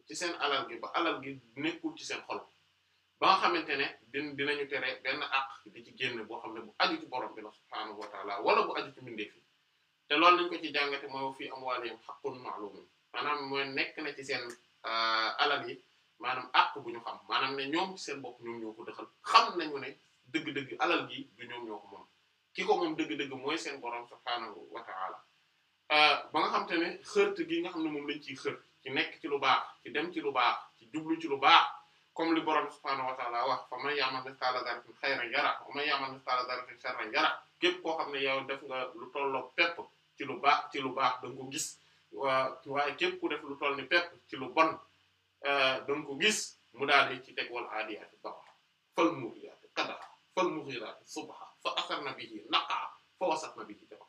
ci seen alal gi ba alal gi nekkul ci seen xol ba nga xamante ne din dinañu tere benn àq di ci génn boo xam ne bu aju ci borom bi la subhaanahu wa wala bu aju te loolu lañ ko ci jàngate mooy fi amwaalihim haqqun ma'lum maanaam mooy nekk na ci seen euh, alal yi maanaam àq bu ñu xam maanaam ne ñoom seen bopp ñoom ñoo ko dëxal xam nañu ne dëgg-dëgg alal gi du ñoom ñoo ko moom ki ko moom dëgg-dëgg mooy seen borom subhaanahu wa ta'ala euh, ba nga xam te ne xërt gi nga xam ne moom lañ ciy xër ci nekk ci lu baax ci dem ci lu baax ci jublu ci lu baax comme li borom subhaanahu wa ta'ala wax fa man ya'mal mithqaala dharratin khayran yara wa man ya'mal mithqaala dharratin sharran yara képp koo xam ne yow def nga lu tolloog pepp ci lu baax ci lu baax da nga ko gis waaye képp ku def lu toll ni pepp ci lu bon euh, da ko gis mu daal di ci teg wal aadiyaati dabaxa fal muuriyaati qadaxa fal mughiraati subha fa asarna bihi naqa fa wasatna bihi jama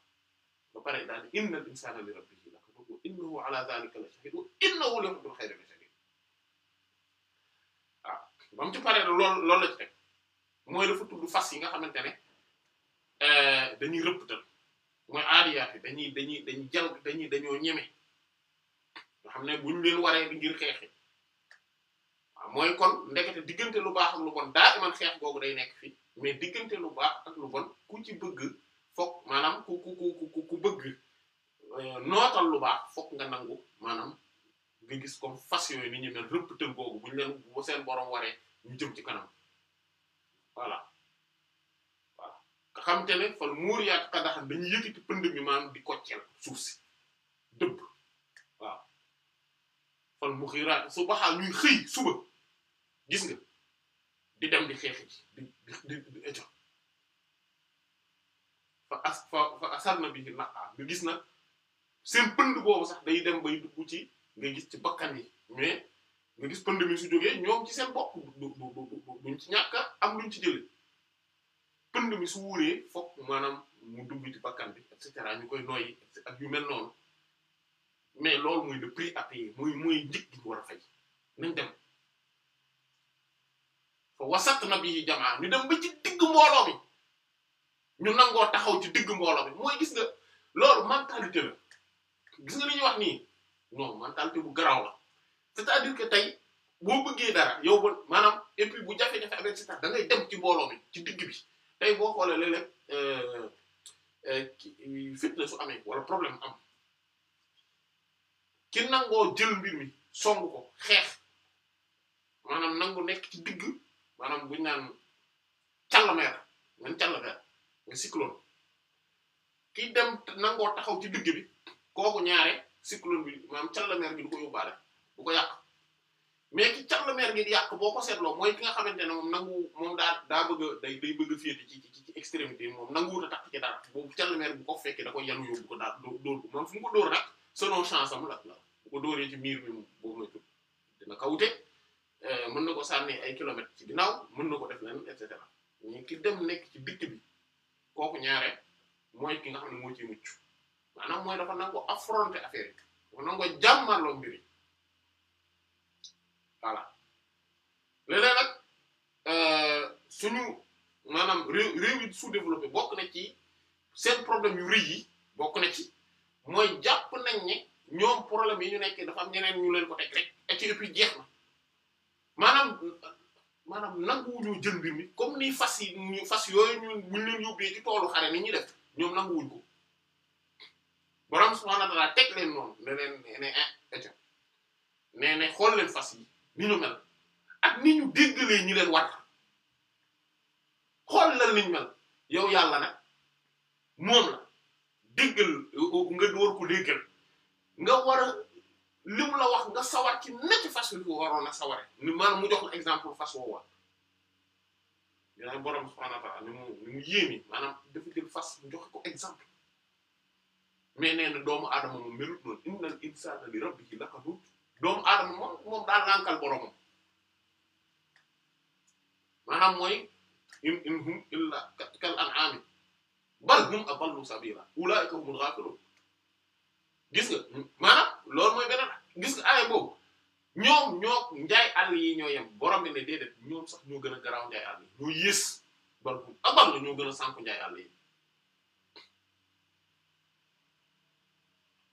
ba pare daal inna al insana li rabbihi lakanuun innahu ala dhalika la shahid waaw ah, ba mu ci paree loolu loolu la ci teg mooy dafa tudd fas yi nga xamante ne Euh, dañuy rëpptal mooy aadiyaat yi dañuy dañuy dañuy jal dañuy dañoo ñeme nga xam ne buñ leen waree bi ngir xeexi waaw mooy kon ndekete diggante lu baax ak lu bon daa iman xeex googu day nekk fii mais diggante lu baax ak lu bon ku ci bëgg fok maanaam ku ku ku ku bëgg euh, nootal lu baax fok nga nangu maanaam nga gis comme fas yooyu ni ñu mel rëpptal googu buñ leen bu seen borom waree ñu jëm ci kanam voilà nga xam te ne mu muur yaat xadaxan dañuy yëkkati pënd mi maanaam di koccel suuf si dëbb waaw fal mu xiiraat su baxaa ñuy xëy suba gis nga di dem di xeexi ji di di di fa as fa fa asar bi naqaa nga gis na seen pënd boobu sax day dem bay dugg ci nga gis ci bakkan yi mais nga gis pënd mi su jógee ñoom ci seen bopp du du du duñ ci ñàkk am luñ ci jëlee pënd mi su wuuree foog maanaam mu dugg ci bakkan bi et cetera ñu koy noyyi ak yu mel noonu mais loolu muy le prix à payer muy muy njëg a fay nañ dem fa wasat na bi jamaa ñu dem ba ci digg mbooloo mi ñu nangoo taxaw ci digg mbooloo mooy gis na loolu mentalité la gis na li ñu wax nii non mentalité bu garaw la c'est-à-dire que tey boo bëggee dara yow ba maanaam et puis bu jafe-jafe amee ci tax da ngay dem ci mbooloo ci digg bi. tey boo xoolee léeg-léeg euh, euh, euh, fitna su amee wala problème am ki nangoo jël bi mi song ko xeex maanaam nangu nekk ci digg maanaam buñ naan càllmeera man càllmeera cyclone ki dem nangoo taxaw ci digg bi kooku ñaare cyclone bi maanaam càllmeera bi du ko yóbbaale du ko yàq mais ki càllmeer gi di yàq boo ko seetloo mooy ki nga xamante ne moom nangu moom daa daa a day day bëgg a féete ci ci ci extrémité moom nanguwut a takk ci dara boobu càllmeer bu ko fekkee da ko yanu yóbbu ko daal dóor ko moom fu mu ko dóor nag selon chance am la ko dóoree ci miir bi moom boobu mooy tudd dina kawute euh, mën na ko sànni ay kilomètres ci ginaaw mën na ko def lenn et cetera mais ki dem nekk ci dikk bi kooku ñaare mooy ki nga xam ne moo maanaam mooy dafa nangoo affronter affaire yi dafa nangoo jàmmarloo mbir yi voilà léeg-léeg nag euh, suñu maanaam réew réew yi sous bokk na ci seen problème yu rëy yi bokk na ci mooy jàpp nañ ne ñoom problème yi ñu nekkee dafa am ñeneen ñu leen ko teg rek et puis jeex na maanaam maanaam nanguwuñoo jël bi mi comme ni fas yi ñu fas yooyu ñu buñ leen yóbbee ci toolu xare ni ñuy def ñoom nanguwuñ ko borom subhaanahu wa ta'aala teg leen noonu ne leen ne ne eh, ne xool leen fas yi ni ñu mel ak ni ñu déggalee ñi leen war xool lan niñ mel yow yàlla nag moom na déggal nga war ko déggal nga war a li mu la wax nga sawar ci nekk fas yu waroon a saware ni mu jox la exemple fas woo war yooyu borom subhanahu wa ta'ala ni mu ni doomu aadama mu melut noonu innal insana li rabbihi lakanuut doomu aadama moom moom daal lànkal boromam maanaam mooy in in hum illa kal an'ami bal hum adallu sabila ulaika humul ghafilun gis nga maanaam loolu mooy beneen gis nga aaya boobu ñoom ñoo njaay àll yi ñoo yem borom bi ñoom sax ñoo gën a garaaw njaay àll yi ñoo yées bal hum adallu ñoo gën a sànku njaay àll yi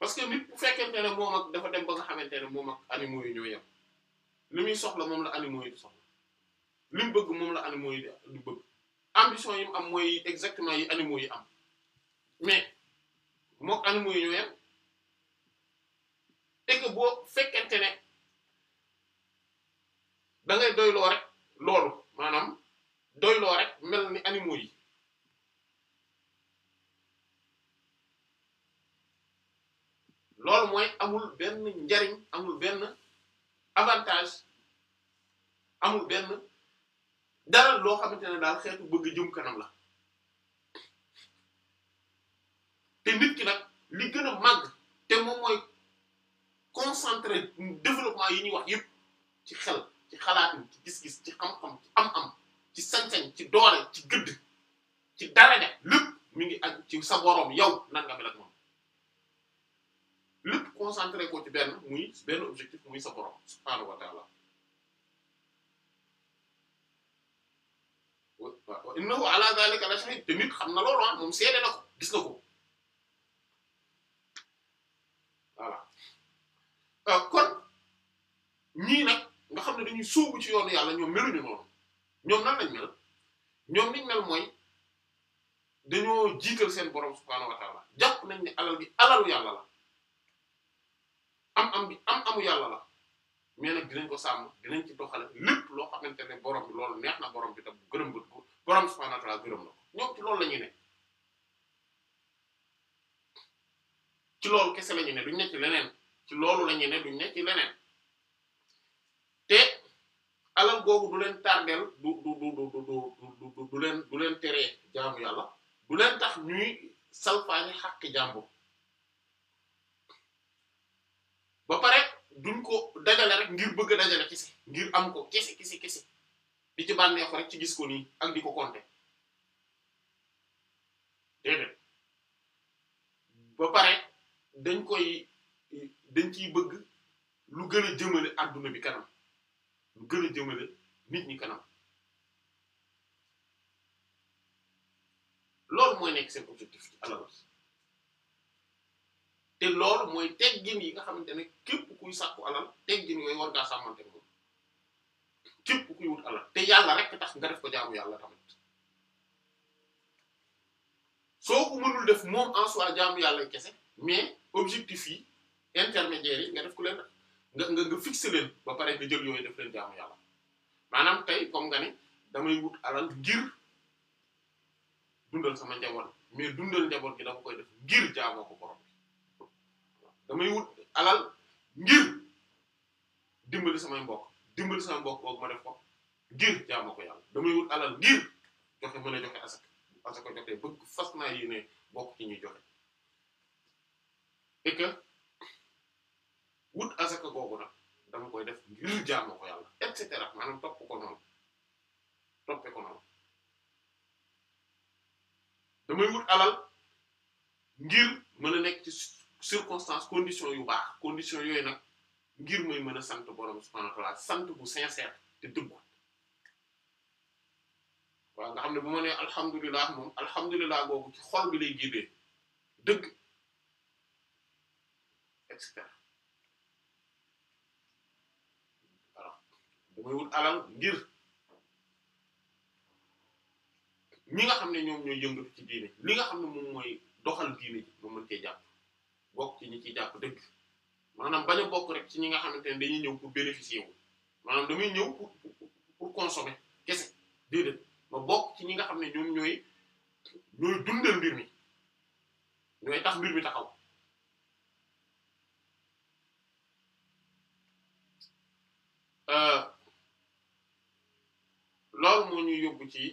parce que nit bu fekkente ne moom ak dafa dem ba nga xamante ne moom ak animaux yi ñoo li muy soxla moom la animaux yi di soxla li mu bëgg moom la animaux yi di bëgg ambition yi mu am mooy exactement yi animaux yi am mais mook animaux yi ñoo yem et que boo fekkente ne da ngay doyloo rek loolu maanaam doyloo rek mel ni animaux yi loolu mooy amul benn njariñ amul benn avantage amul benn dara loo xamante ne daal xeetu bëgg jumkanam la te nit ki nag li gën a màgg te moom mooy concentré développement yi ñuy wax yépp ci xel ci xalaatin ci gis-gis ci xam ci am-am ci sañ-sañ ci doole ci gëdd ci daraja lépp mi ngi ak ci sa boroom yow nan nga ak moom lépp concentré ko ci benn muy benn objectif muy sa borom subhaanahu wa taala wa innahu ala zalika xam na loolu ah moom seede na ko gis na euh, nga xam ne dañuy sóobu ci yoonu yàlla ñoom meluñu noonu ñoom nan lañ mel mooy dañoo jiital seen borom subhaanahu nañ ne alal yàlla la am-am bi am-amu yàlla la mais nag dinañ ko sàmm dinañ ci doxale lépp loo xamante ne borom bi loolu neex na borom bi tam gërëm bët ko borom subhanahu wa ta'ala gërëm la ko ñoom loolu la ñu ne ci loolu ne duñ ne ci leneen ci loolu la ñu ne duñ ne te alal googu du leen tardeel du du du du du du leen du leen teree jaamu yàlla du leen tax ñuy salfaañi xàq jàmbur ba pare duñ ko dajale rek ngir bëgg a dajale kese ngir am ko kese kese kese di ci rek ci gis ko nii ak di ko compter déedéet ba pare dañ koy dañ ciy bëgg lu gën a jëmale adduna bi kanam lu gën a jëmale nit ñi kanam loolu mooy nekk seen objectif ci alal te lool mooy teggin yi nga xamante ne képp kuy sàkku alal teggin yooyu war ngaa sàmmante moom képp kuy wut alal te yàlla rek tax nga def ko jaamu yàlla tamit soo ko mënul def moom en jaamu yàlla kese mais objectif yi intermédiaires yi nga def ku leen nga nga nga fixé leen ba pare nga jël yooyu def leen jaamu yàlla maanaam tey comme nga ne damay wut alal ngir dundal sama njaboot mais dundal njaboot gi dafa koy def ngir jaamoo ko borom. damay wut alal ngir dimbali samay mbokk dimbali sama mbokk boobu ma def ko ngir jaamu ko yàlla damay wut alal ngir joxe mën a joxe asaka joxe bëgg fas naa yéene mbokk ci ñuy joxe et wut asaka googu nag dama koy def ngir jaamu ko yàlla et maanaam toppe ko noonu damay wut alal ngir mën a nekk ci circonstance condition yu baax condition yooyu nag ngir may mën a sant borom subhaanahu wa sant bu sincère te dëggu waaw nga xam ne bu ma nee alhamdulilah moom alhamdulilah boobu ci xol bi lay jiibee dëgg et cetera alors bu may wut alal ngir ñi nga xam ne ñoom ñooy yëngatu ci diine li nga xam ne moom mooy doxal diine ji moom mën cee jàpp bokk ci ñi ciy jàpp dëgg maanaam bañ a bokk rek ci ñi nga xamante ne dañuy ñëw pour bénéficier wu maanaam damay ñëw pour pour consommer kese déedéet ma bokk ci ñi nga xam ne ñoom ñooy ñooy dundal mbir mi ñooy tax mbir mi taxaw euh, loolu moo ñuy yóbbu ci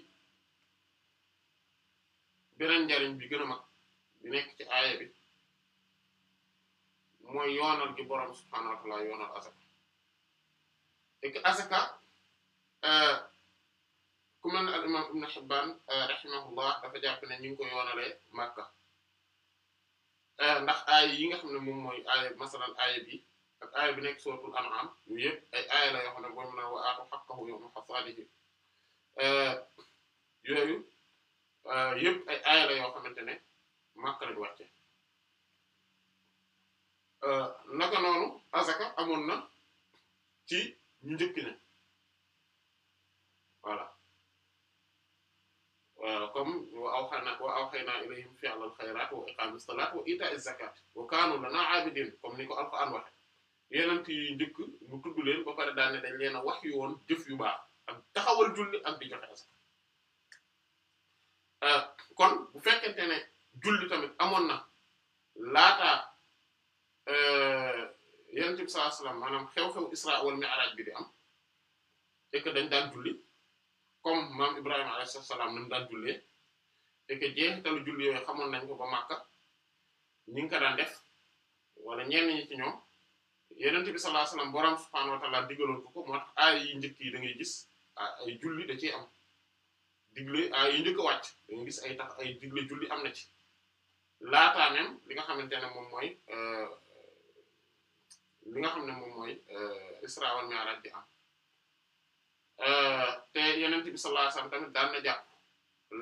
beneen njariñ bi gën a mag bi nekk ci aaya bi mooy yoonal gi borom subhaanahu wa ta'ala yoonal asaka et que asaka euh, ku mel ne al imam ibn Hibbaan euh, rahimahullah dafa jàpp ne ñu ngi ko yoonalee Makka euh, ndax aaya yi nga xam ne moom mooy aaya masalan aaya bi ak bi nekk suratul an'am yooyu yëpp ay aaya la yoo xam ne boobu na wa aatu haqqahu yooyu yëpp ay aaya la yoo xamante ne Makka lañu wàcce Euh, naka noonu azaka amoon na ci ñu njëkk ne voilà euh, comme wa awhayna wa awhayna ilayhim fi'lal khayrat wa iqamis salat wa ita'iz zakat wa kanu lana abidin comme ni ko alquran waxe yenent yi njëkk mu tudd leen ba pare daane dañ leen a wax yu woon jëf yu baax ak taxawal julli ak di joxe azaka euh, kon bu fekkente ne julli tamit amoon na laataa Euh, yonent bi sallallahu alayhi wasallam maanaam xew-xew isra wal mi'raj bi am et dañ daan julli comme maam Ibrahima alayhi salaam nañ daan jullee et que jeexitalu julli yooyu xamoon nañ ko ba Màkka ñi ngi ko daan def wala ñenn ñi ci ñoom yonent bi sallallahu alayhi wasallam borom subhaanahu wa ta'aala digaloon ko ko moo tax aay da ngay gis ay julli da ci am digle aay yi njëkk a gis ay tax ay digle julli am na ci laataa même li nga xamante ne moom mooy. Euh, li xam ne moom mooy isra euh, wal mi'raj bi am euh, te yonent bi sallallahu alayhi wasallam tamit daan na jàpp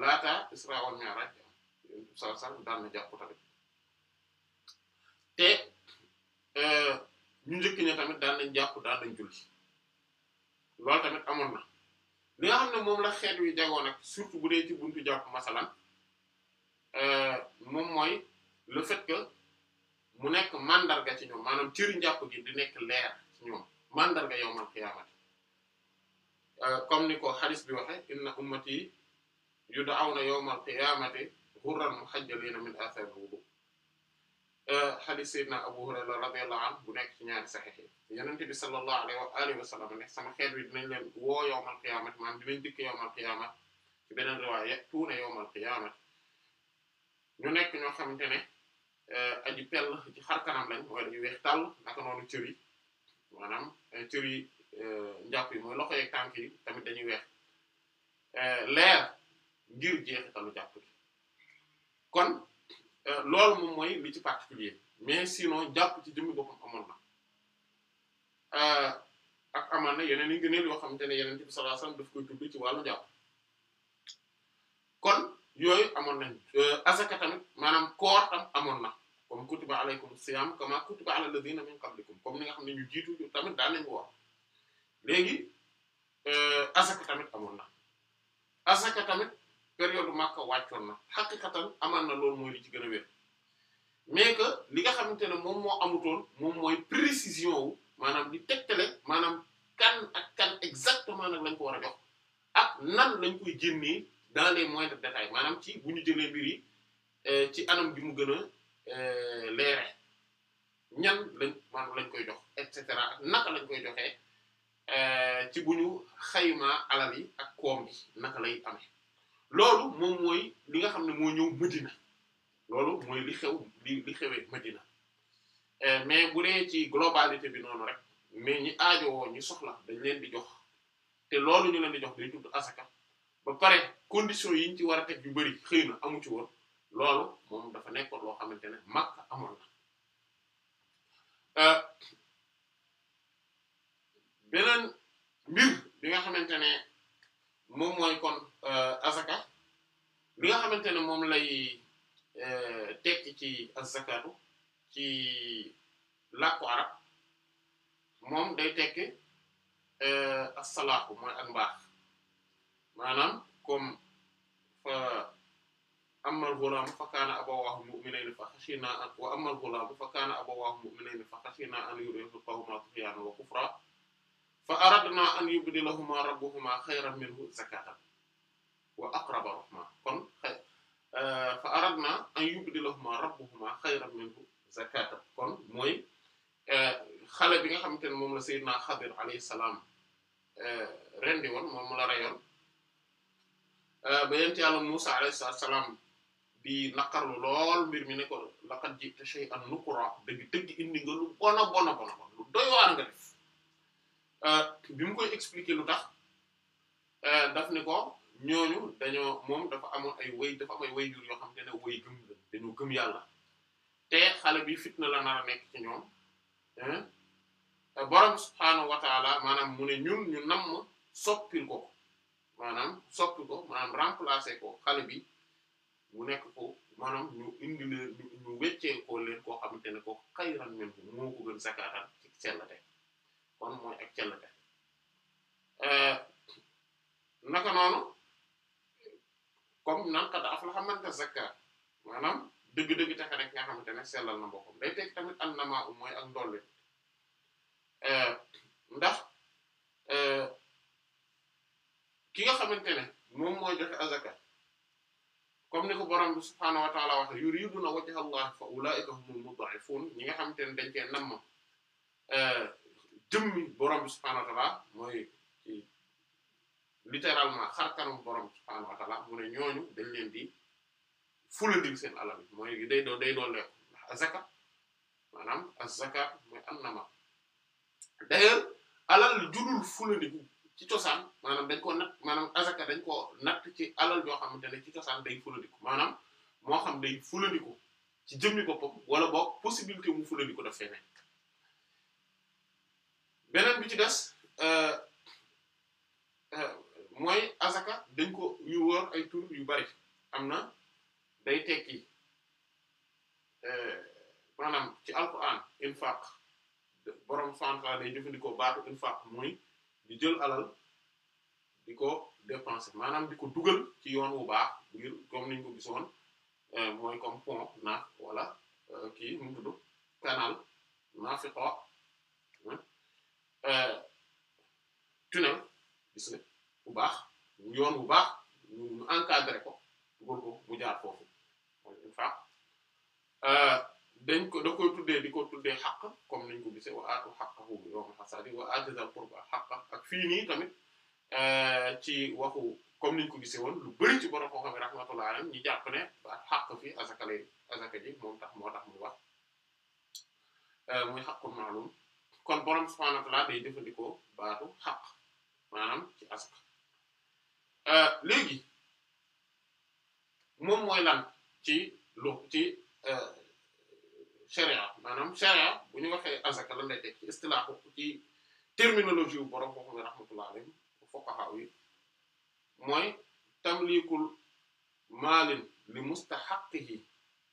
laata isra wal mi'raj bi am yonent bi na tamit te euh, ñu njëkk ña tamit daan nañ jàpp daan nañ julli tamit amoon na li xam ne moom la xeet wi jagoo nag surtout bu dee ci buntu jàpp masalan moom mooy le fait mu nekk mandarga ci ñoom maanaam cëri njàpp gi di nekk leer ci ñoom mandarga yawmal qiyaamati euh, comme ni ko hadith bi waxe inna ummati mu yawmal qiyaamati hurran muhajjalina min athari wudu euh, hadith sayyidina Abu Hurayra radiyallahu anhu bu nekk ci ñaari sahih yi Yonent bi sallallahu alayhi wa alihi wa sallam ne sama xeet wi dinañ leen woo yawmal qiyaamati maanaam dinañ dikk yawmal qiyaamati ci beneen riwaaya tuuna yawmal qiyaamati ñu nekk ñoo xamante ne Eh, aju pel ci xar kanam lañ mooy dañuy weex tàll naka noonu cër yi maanaam eh, cër yi eh, njàpp yi mooy loxo yeeg tànk yi tamit dañuy weex leer ngir jeexitalu jàpp kon loolu moom mooy li ci particulier mais sinon jàpp ci jëmmi boppam amoon na ak amaan na yeneen yi ngëneel yoo xamante ne yeneen bi sallallahu alayhi daf koy tudd ci wàllu njàpp kon yooyu amoon nañ euh, asaka tamit maanaam koor tam amoon na comme kutiba alaykum siyam kama kutiba ala ladina min qablikum comme ni nga xam ne ñu jiitu ñu tamit daan nañu woor léegi euh, asaka tamit amoon na asaka tamit période Makka wàccoon na xaqiqatan amal na lool mooy li ci gën a wér mais que li nga xamante ne moom moo amutoon moom mooy précision wu maanaam di tegtale maanaam kan ak kan exactement nag lañ ko war a jox ak nan lañ koy nii dans les moindres détails maanaam ci bu ñu jëlee mbir yi euh, ci anam bi mu gën a euh, leere ñan lañ maanaam lañ koy jox et cetera ak naka lañ koy joxee euh, ci bu ñu xaymaa alal yi ak koom bi naka lay amee loolu moom mooy li nga xam ne moo ñëw Madina loolu mooy li xew li li xewee Madina mais bu dee ci globalité bi noonu rek mais ñi aajowoo ñi soxla dañ leen di jox te loolu ñu leen di jox di tudd asaka ba pare condition yi ñu ci war a teg yu bari xëy na amu ci woon loolu moom dafa nekkoon loo xamante ne Makka amoon na euh, beneen mbir bi nga xamante ne moom mooy kon euh, azaka li nga xamante ne moom lay euh, tekk ci azzakatu ci làkku arab moom day tekki assalaaku mooy ak mbaax maanaam comme fa amal ghulaam fa kaana abawaahu mu'minayni fa xashinaa wa amal ghulaam fa kaana abawaahu mu'minayni fa xashinaa an yurhiqahumaa tughyaana wa kufra fa aradnaa an yubdilahumaa rabbuhumaa xayran minhu zakaatan wa aqraba rahmaa kon xay eh, fa aradnaa an yubdilahumaa rabbuhumaa xayran minhu zakaatan kon mooy eh, xale bi nga xamante ne moom la Seydina Xadir alayhi salaam eh, rendi woon moom la reyoon Euh, ba yent yàlla Musa alayhi salaam di naqarlu lool mbir mi ne ko laqad ji'ta shay'an nukra dëgg dëgg indi nga lu bona bona bona bon lu doy waar nga def euh, bi mu koy expliquer lu tax euh, daf ne ko ñooñu dañoo moom dafa amoon ay way dafa am ay wayjur yoo xam te ne way gëm la dañoo gëm yàlla te xale bi fitna la nar a nekk ci ñoom borom subhaanahu wa taala maanaam mu ne ñun ñu namm soppil ko maanaam soppi ko maanaam remplacer ko xale bi mu nekk ko maanaam ñu indi leen ñu weccee ko leen koo xamante ne ko xayran min moo ko gën zakaatal ci sellate kon mooy ak sellate euh, naka noonu comme nan qad aflaha man tazakkaa maanaam dëgg-dëgg taxe rek nga xamante ne sellal na boppam day teg tamit euh, ndax euh, ki nga xamante ne moom mooy joxe azaka comme ni ko borom bi subhaanahu wa ta'ala waxe yuriduna wajha Allah fa ulaa'ika humul mudha'ifun ñi nga xamante ne dañ cee namm euh, jëmmi borom bi subhaanahu wa ta'ala mooy littéralement xar kanam borom bi subhaanahu wa mu ne ñooñu dañ leen di fulandik seen alal mooy day doo day doon lekk ndax azaka maanaam mooy annama d'ailleurs alal jurul fulandiku ci cosaan maanaam dañ koo natt maanaam azaka dañ koo natt ci alal yoo xamante ne ci cosaan day fulandiku maanaam moo xam day fulandiku ci jëmmi boppam wala boog possibilité mu fulandiku daf fee nekk beneen bi ci des euh, euh, mooy azaka dañ ko yu wër ay tur yu bari am na day tekki euh, maanaam ci alquran infaq borom santla day jëfandikoo baatu infaq mooy di jël alal di ko dépenser maanaam di ko dugal ci yoon wu baax ngir comme niñ ko gisoon euh, mooy comme pont na wala euh, kii mu tudd canal naa fi xoox tunnel gis nga bu baax yoon wu baax ñu encadré ko dugal ko mu jaar foofu mooy une euh, dañ ko da koy tuddee di ko tuddee xàq comme niñ ko gisee wa aatu fii nii tamit euh, ci waxu comme niñ ko gisee woon lu bari ci borom koo xam ne rahmatullahi alayhi ñu jàpp ne xàq fii azaka lay azaka ji moom tax moo tax mu wax euh, muy xàqul maalum kon borom subhaanahu wa ta'aala day jëfandikoo baatu xàq maanaam ci azaka euh, léegi moom mooy lan ci lu ci. sharia maanaam sharia bu ñu waxee azaka lan lay tekki istilaahu ci terminologie bu borom kooku bi rahmatullah alayhi mooy tamlikul maalin li mustahaqihi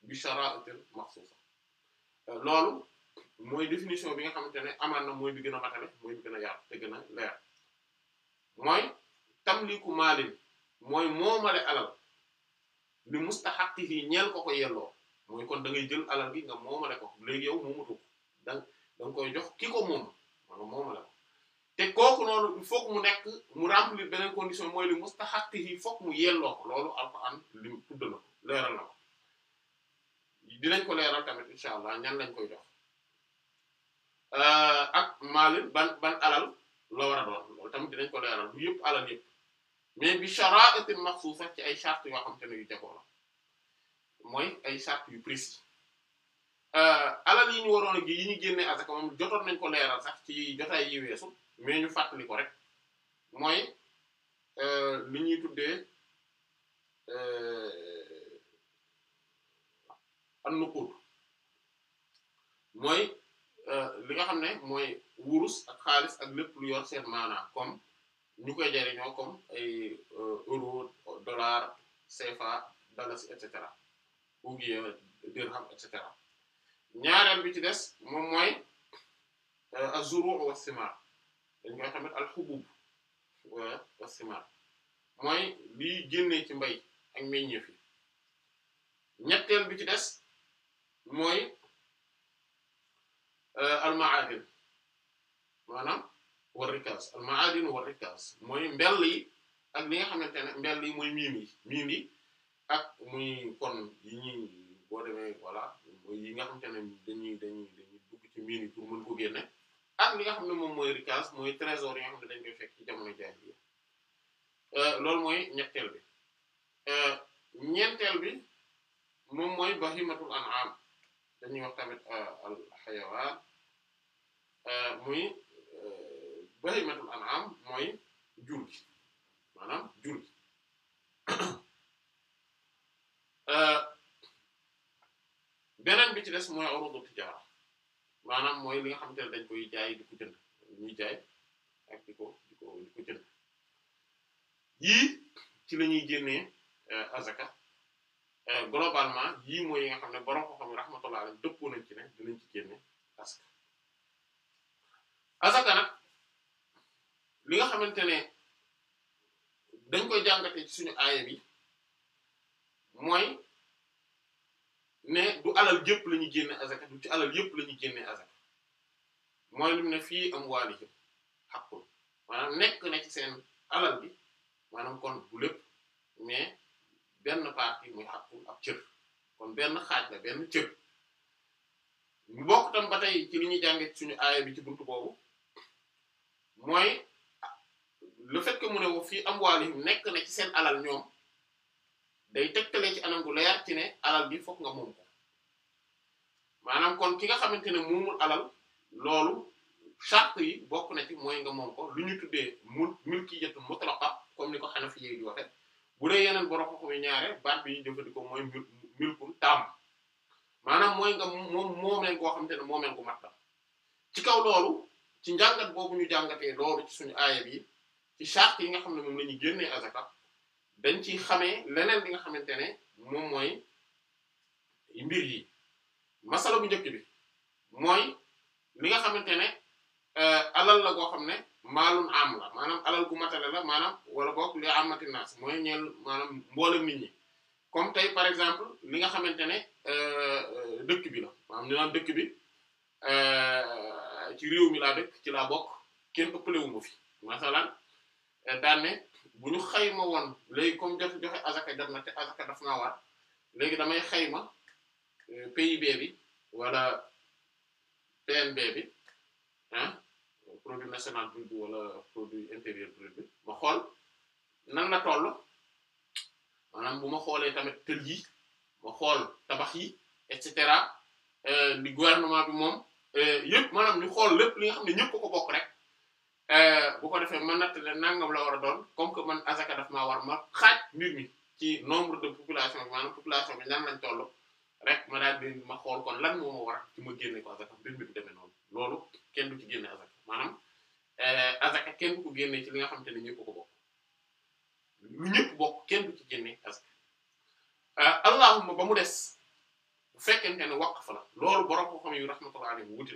bi sharaa'itil maxsuusa loolu mooy définition bi nga xamante ne amaan na mooy bi gën a matale mooy bi a yaatu te gën a leer mooy tamliku maalin mooy moomale alal li mustahaqihi ñeel ko ko yelloo mooy kon da ngay jël alal bi nga moomale ko léegi yow moomatu ko da da nga koy jox ki ko moom nga moomale te kooku noonu il faut mu nekk mu remplir beneen condition mooy li mustaxaqqihi fokk mu yelloo loolu alxuraan li mu tudd na ko leeral na ko dinañ ko leeral tamit incha allah koy jox euh, ak maalin ban ban alal la a doon loolu tamit dinañ ko leeral du yëpp alal yëpp mais bi sharaatin maxsuusa ci ay charte yoo xam te ne yu mooy ay sart yu précis euh, alal yi ñu waroon a gi yi ñu génnee asaka moom jotoon nañ ko leeral sax ci jotaay yi weesu mais ñu fàttali ko rek mooy euh, li ñuy tuddee euh, an nuqud mooy li nga xam ne mooy wurus ak xaalis ak lépp lu yor seen maanaa comme ñu koy jariñoo comme ay euro dollar CFA dalasi et cetera ugiye dirham et ñaareel bi ci des moom mooy euh, az-zuru' wa al-hubub wa mooy liy génnee ci mbay ak meññeef ñetteel bi ci des mooy euh, al-ma'adin maanaam wa al-ma'adin wa mooy mbell ak li nga xamante ne mbell mooy miim yi ak muy kon yi ñuy boo demee voilà yi nga xamante ne dañuy dañuy dañuy dugg ci miin pour mën ko génne ak li nga xam ne moom mooy rikaas mooy trésor yi nga xam ne dañ fekk ci jamono jaay bi euh, loolu mooy ñetteel bi euh, ñeenteel bi moom mooy bahimatul an'am dañuy wax tamit euh, muy bahimatul an'am mooy jur maanaam jur Euh, beneen bi ci des mooy urudu tijaara maanaam mooy li nga xamante ne dañ koy jaay di ko jënd ñuy jaay ak di ko di ko jënd yii ci la ñuy génnee euh, azaka euh, globalement yii mooy yi nga xam ne borom ko xam ne rahmatullah alayhi ci ne dinañ ci génne azaka azaka nag li nga xamante ne dañ koy jàngatee ci suñu aaya bi mooy ne du alal yëpp la ñuy génne azaka du ci alal yëpp lañuy ñuy génne azaka mooy lu ne fii am waali yëpp xaqul maanaam nekk na ci seen alal bi maanaam kon bu lépp mais benn partie muy xaqul ab cër kon benn xaaj la benn cër ñu tam ba tey ci li ñuy jànge suñu aaya bi ci buntu boobu mooy le fait que mu ne wa fii am waali nekk na ci seen alal ñoom day tegtale ci anam gu leer ci ne alal bi fokk nga moom ko maanaam kon ki nga xamante ne moomul alal loolu charte yi bokk na ci mooy nga moom ko lu ñu tuddee mul milkiyatu mutlaqa comme ni ko Hanafi yi di waxe bu dee yeneen borom ko yu ñaare baat bi ñu jëfandikoo mooy milkul taam maanaam mooy nga moom moomeen koo xamante ne moomeen gu mat la ci kaw loolu ci njàngat boobu ñu jàngatee loolu ci suñu aaya yi ci charte yi nga xam ne moom la ñuy génnee azaka dañ ci xamee leneen li nga xamante ne moom mooy mbir yi masala bu njëkk bi mooy li nga xamante ne euh, alal la goo xam ne maalum am la maanaam alal gu matale la maanaam wala boog li amati naas mooy ñeel maanaam mboolem nit ñi comme tey par exemple li nga xamante ne euh, dëkk bi la maanaam ñu naan dëkk bi euh, ci réew mi laa dëkk ci la bokk kenn ëppale wu ma fi masalan Eh, daan bu ñu xayma woon léegi comme joxe joxe azaka na te azaka daf naa léegi damay xayma eh, PIB bi wala PNB bi ah produit national brut bi wala produit intérieur brut bi ma xool nan la toll maanaam bu ma xoolee tamit tël yi ma xool tabax yi et cetera li eh, gouvernement bi moom yëpp maanaam ñu xool lépp li nga xam ne ñëpp ko bokk rek. Euh, bu ko defee man natt leen nangam la war a doon comme que man azaka daf maa war ma xaaj mbir mi ci nombre de population bi maanaam population bi ñan lañ toll rek ma daal ma xool kon lan moo ma war a ci ma génne ko azaka mbir mi du demee loolu kenn du ci génne azaka maanaam euh, azaka kenn du ko génne ci li nga xamante ne ñëpp ko bokk lu ñëpp bokk kenn du ci génne azaka euh, allahumma ba mu des fekken fekkente ne waqf la loolu borom ko xam yu rahmatullahi alayhi wuti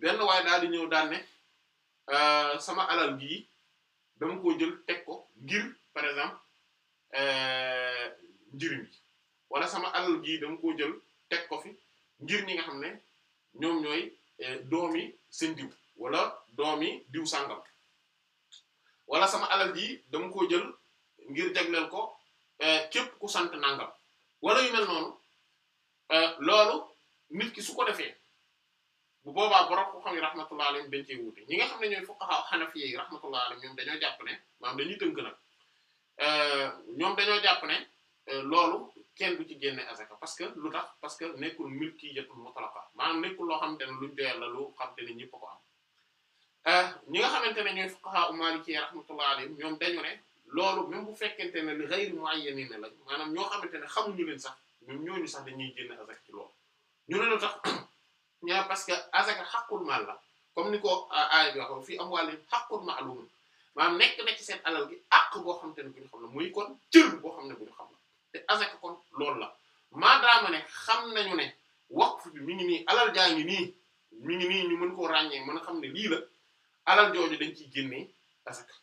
benn waaye daal di ñëw daal ne euh, sama alal gi dama ko jël teg ko ngir par exemple euh, njëriñ bi wala sama alal gii dama ko jël teg ko fi ngir ñi nga xam ne ñoom ñooy euh, doomi seen diw wala doomi diw sàngam wala sama alal gii dama ko jël ngir jagleel ko képp ku sant nangam wala yu noonu loolu nit ki su ko defee bu boobaa borom ko xam yi rahmatullah alayhim dañ ñi nga xam ne ñooy fuqaha hanafi yi rahmatullah alayhim ñoom dañoo jàpp ne maanaam dañuy tënk nag euh, ñoom dañoo jàpp ne euh, loolu kenn du ci génne azaka parce que lu tax parce que nekkul milkiyatul mutlaqa maanaam nekkul loo xamante ne luñ doyal lu xam te ne ñëpp ko am euh, ñi nga xamante ne ñooy fuqaha maliki rahmatullah alayhim ñoom dañu ne loolu même bu fekkente ne li ghayr muayyanin lañ maanaam ñoo xamante ne xamuñu leen sax ñoom ñooñu sax dañuy génne azaka ci loolu ñu ne lu ñaar parce que azaka xaqul mal la comme ni ko euh, aaya bi waxoon fii am wàllu xaqul ma'lum maanaam nekk na ci seen alal gi àq boo xam te ne bu ñu xam la muy kon boo xam ne bu ñu te azaka kon loolu la maadaama ne xam nañu ne waqf bi mi ngi nii alal jaa ngi nii mi ngi nii ñu mën koo ràññee mën a xam ne lii la alal jooju dañ ciy génnee azaka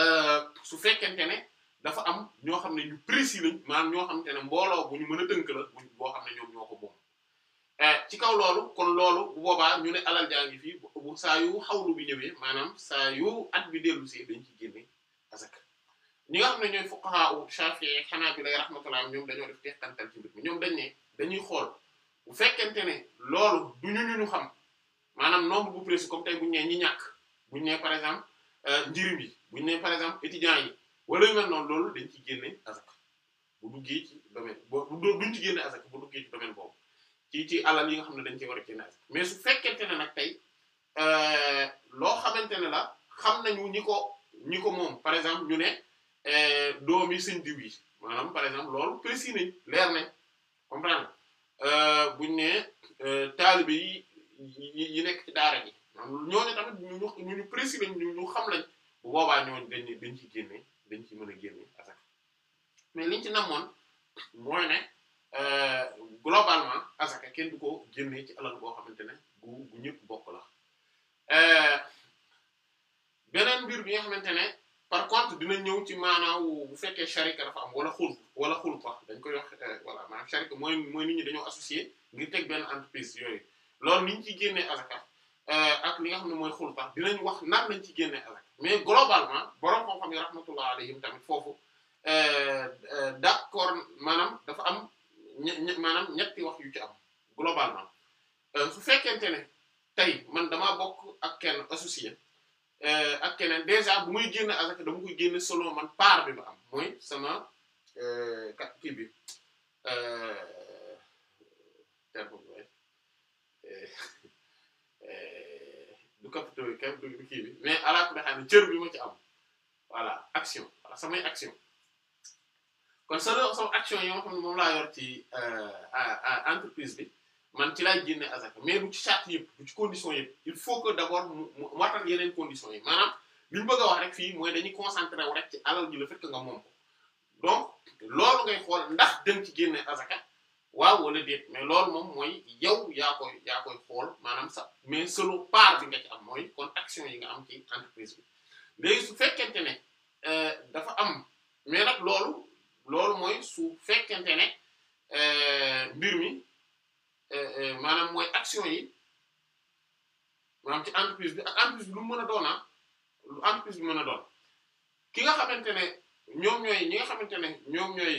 euh, su fekkente ne dafa am ñoo xam ne ñu précis lañ maanaam ñoo xam te mbooloo bu ñu mën a tënk la boo xam ne ñoom ñoo ko moom Eh, ci kaw loolu kon loolu bu boobaa ñu ne alal jaa ngi fii bu xaw yu xawlu bi ñëwee maanaam saa at bi dellu si dañ ci génne asaka ñi nga xam ne ñooy fuqaha u Shafi'i xanaa bi lay rahmatullah ñoom dañoo def teqantal ci mbir mi ñoom dañ ne dañuy xool bu fekkente ne loolu du ñu ñu xam maanaam nombre bu précis comme tey bu ñu ñi ñàkk bu ñu par exemple euh, njirim yi bu ñu nee par exemple étudiants yi wala yu mel noonu loolu dañ ci génne asaka bu duggee ci domaine bu duñ ci génne asaka bu duggee ci boobu. ci ci alal yi nga xam ne dañ ci war a génne mais su fekkente ne nag tey euh, loo xamante ne la xam nañu ñi ko ñi ko moom par exemple ñu ne euh, doom yi sëñ diw yi maanaam par exemple loolu précis nañ leer nañ comprendre euh, buñ ne taalibe yi yi nekk ci daara ji ñu ñu précis lañ ñu xam lañ bu boobaa ñooñu dañ ci génne dañ ci mën a génne asak mais liñ ci namoon mooy ne Euh, globalement asaka kenn du ko génnee ci alal boo xamante ne gu gu ñëpp bokk la euh, beneen mbir bi nga xamante ne par contre dina ñëw ci maanaaw bu fekkee sharika dafa am wala xul wala xul quoi dañ koy wax euh, voilà maanaam sharika mooy mooy nit ñi dañoo associé ngir teg benn entreprise yooyu loolu ni ñu ciy génnee asaka ak li nga xam mooy xul tax dinañ wax nan lañ ci génnee asaka mais globalement borom xam-xam yi rahmatullah alayhim tamit foofu d'accord maanaam dafa am. ñett maanaam ñetti wax yu ci am globalement euh, su fekkente ne tey man damaa bokk ak kenn associé euh, ak keneen déjà bu muy génn azaka dama koy génne solo man part bi ma am mooy sama euh, kat kii bi du capitaux yi capitaux yi mais alaaka bi xam cër bi ma ci am voilà action voilà samay action kon sama sama action yi nga moom laa yor ci euh, entreprise bi man ci laay génne azaka mais du ci charte yëpp du ci condition yëpp il faut que d'abord mu mu yeneen conditions yi maanaam li ñu bëgg a wax rek fii mooy dañuy concentré wu rek ci alal ji le fait que nga moom ko donc loolu ngay xool ndax danga ci génne azaka waaw wala déet mais loolu moom mooy yow yaa koy xool maanaam sax mais selon part bi nga ci am mooy kon action yi nga am ci entreprise bi léegi su fekkente ne euh, dafa am mais nag loolu. loolu mooy su fekkente ne euh, mbir mi euh, euh, maanaam mooy action yi maanaam ci entreprise bi ak entreprise bi lu mën a doona ah, lu entreprise bi mën a doon ki nga xamante ne ñoom ñooy ñi nga xamante ne ñoom ñooy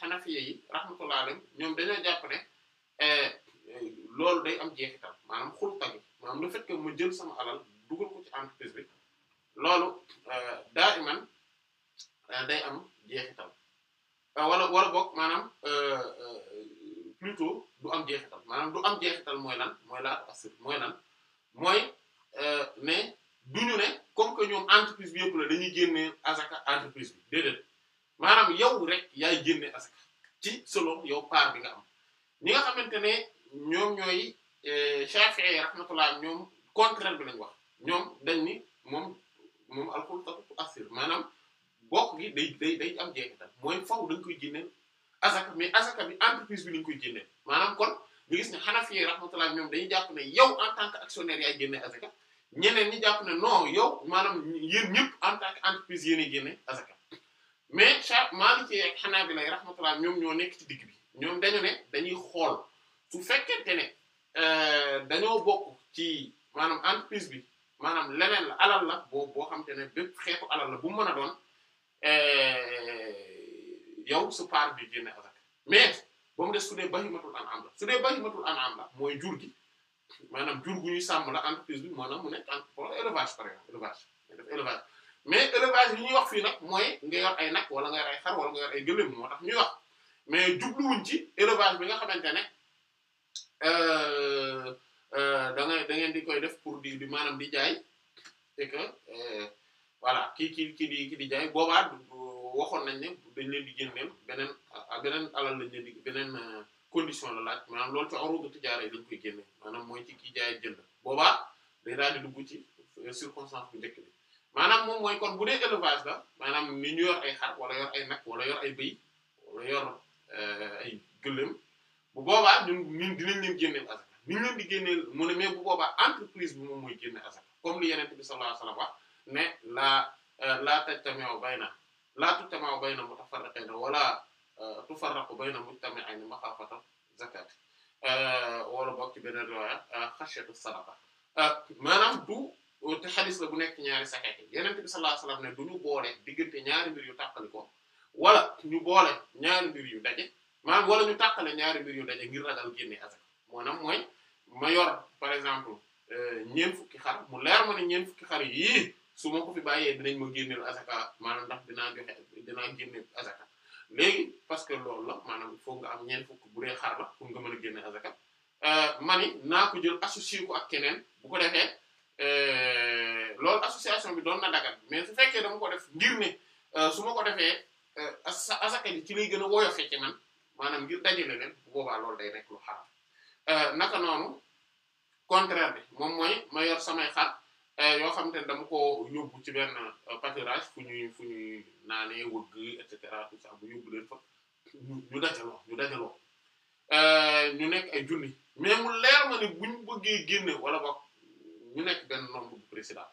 xanafiye yi rahmatullah alayhim ñoom dañoo jàpp ne loolu day am jeexital maanaam xulta bi maanaam le fait que jël sama alal dugal ko ci entreprise bi loolu daa iman Euh, day am jeexital euh, wala wala boog maanaam euh, plutôt du am jeexital maanaam du am jeexital mooy lan mooy du asir mooy lan ne comme que ñoom entreprise bi yëpp la dañuy génnee asaka entreprise bi déedéet maanaam yow rek yaay génne asaka ci solo yow part bi nga am ñi nga xamante ne ñoom ñooy Shafi'i rahmatullah ñoom contraire bi lañ wax ñoom dañ ni moom moom alxul tatu asir bokk gi day day day am jeexital mooy faw dañ koy génneel azaka mais azaka bi entreprise bi lañ koy génneel maanaam kon ñu gis ne Hanafi rahmatullah ñoom dañuy jàpp ne yow en tant que actionnaire yaay génne azaka ñeneen ñi jàpp ne non yow maanaam yéen ñëpp en tant que entreprise yéenay génne azaka mais cha Maliki ak Hanabila rahmatullah ñoom ñoo nekk ci digg bi ñoom dañu ne dañuy xool su fekkente ne euh, dañoo bokk ci maanaam entreprise bi maanaam leneen la alal la boo boo xam te ne bépp xeetu alal la bu mu mën a doon. Eh, yow su paar bi génne asaka mais ba mu des su dee bahimatul an'am la su dee bahimatul an'am la mooy jur gi maanaam jur gu ñuy sàmm la entreprise bi maanaam mu nekk entre élevage par exemple élevage def élevage mais élevage ñuy wax fii nag mooy nga yor ay nag wala nga yor ay xar ay gëléem moo tax ñuy wax mais jubluwuñ ci élevage bi nga xamante ne euh, euh, da ngay da ngeen di koy def pour di bi maanaam di jaay et que euh, voilà kii kii kii di kii di du boobaa waxoon nañ ne dañ leen di génneel beneen a beneen alal lañ leen di beneen euh, condition la laaj maanaam loolu ci arudu tijaara yi dañ koy génne maanaam mooy ci jaay jënd boobaa day daal dugg ci circonstance bu maanaam moom mooy kon bu dee élevage la maanaam ni ñu yor ay xar wala yor ay nag wala yor ay bëy wala yor euh, ay gëléem bu boobaa ñun ñun dinañ leen génneel asaka ni ñu leen di génneel mu ne mais bu boobaa entreprise bi moom mooy génne asaka comme li yeneen bi sallallahu alayhi wasallam wax ne laa eh, laa tajtami'u bayna laa tajtami'u bayna mutafarriqayni wala eh, tufarraqu bayna mujtami'ayni maxaafata zakat eh, wala bokk ci beneen riwaaya xashiyatu sadaqa maanaam du te xadis la bu nekk ñaari saxeex yi Yonent bi sallallahu alayhi wasallam ne du ñu boole diggante ñaari mbir yu tàqali ko wala ñu boole ñaari mbir yu daje maanaam wala ñu tàqale ñaari mbir yu daje ngir ragal génne asaka maanaam mooy ma par exemple ñeent fukki xar mu leer ma fukki xar yii su ma ko fi bàyyee dinañ ma génneel azaka maanaam ndax dinaa joxe dinaa génneel léegi parce que lool la maanaam foog nga am ñeent fukk bu dee xar la pour nga mën a génne azaka euh, mani naa ko jël associé ko ak keneen bu ko defee euh, loolu association bi doon na dagat mais su fekkee dama ko def ngir ne euh, su ma ko defee azaka ji ci lay gën a woyofee ci nan maanaam ngir dajale leen bu boobaa loolu day nekk lu xaram naka noonu contraire bi moom mooy ma yor samay xar Eh, yoo xamante ne dama ko yóbbu ci benn euh, pâturage fu ñuy fu ñuy naanee wëgg et cetera tout ça bu yóbbu leen fa ñu dajaloo euh, ñu nekk ay junni mais mu leer ma ne buñ bëggee génne wala boog ñu nekk benn nombre bu président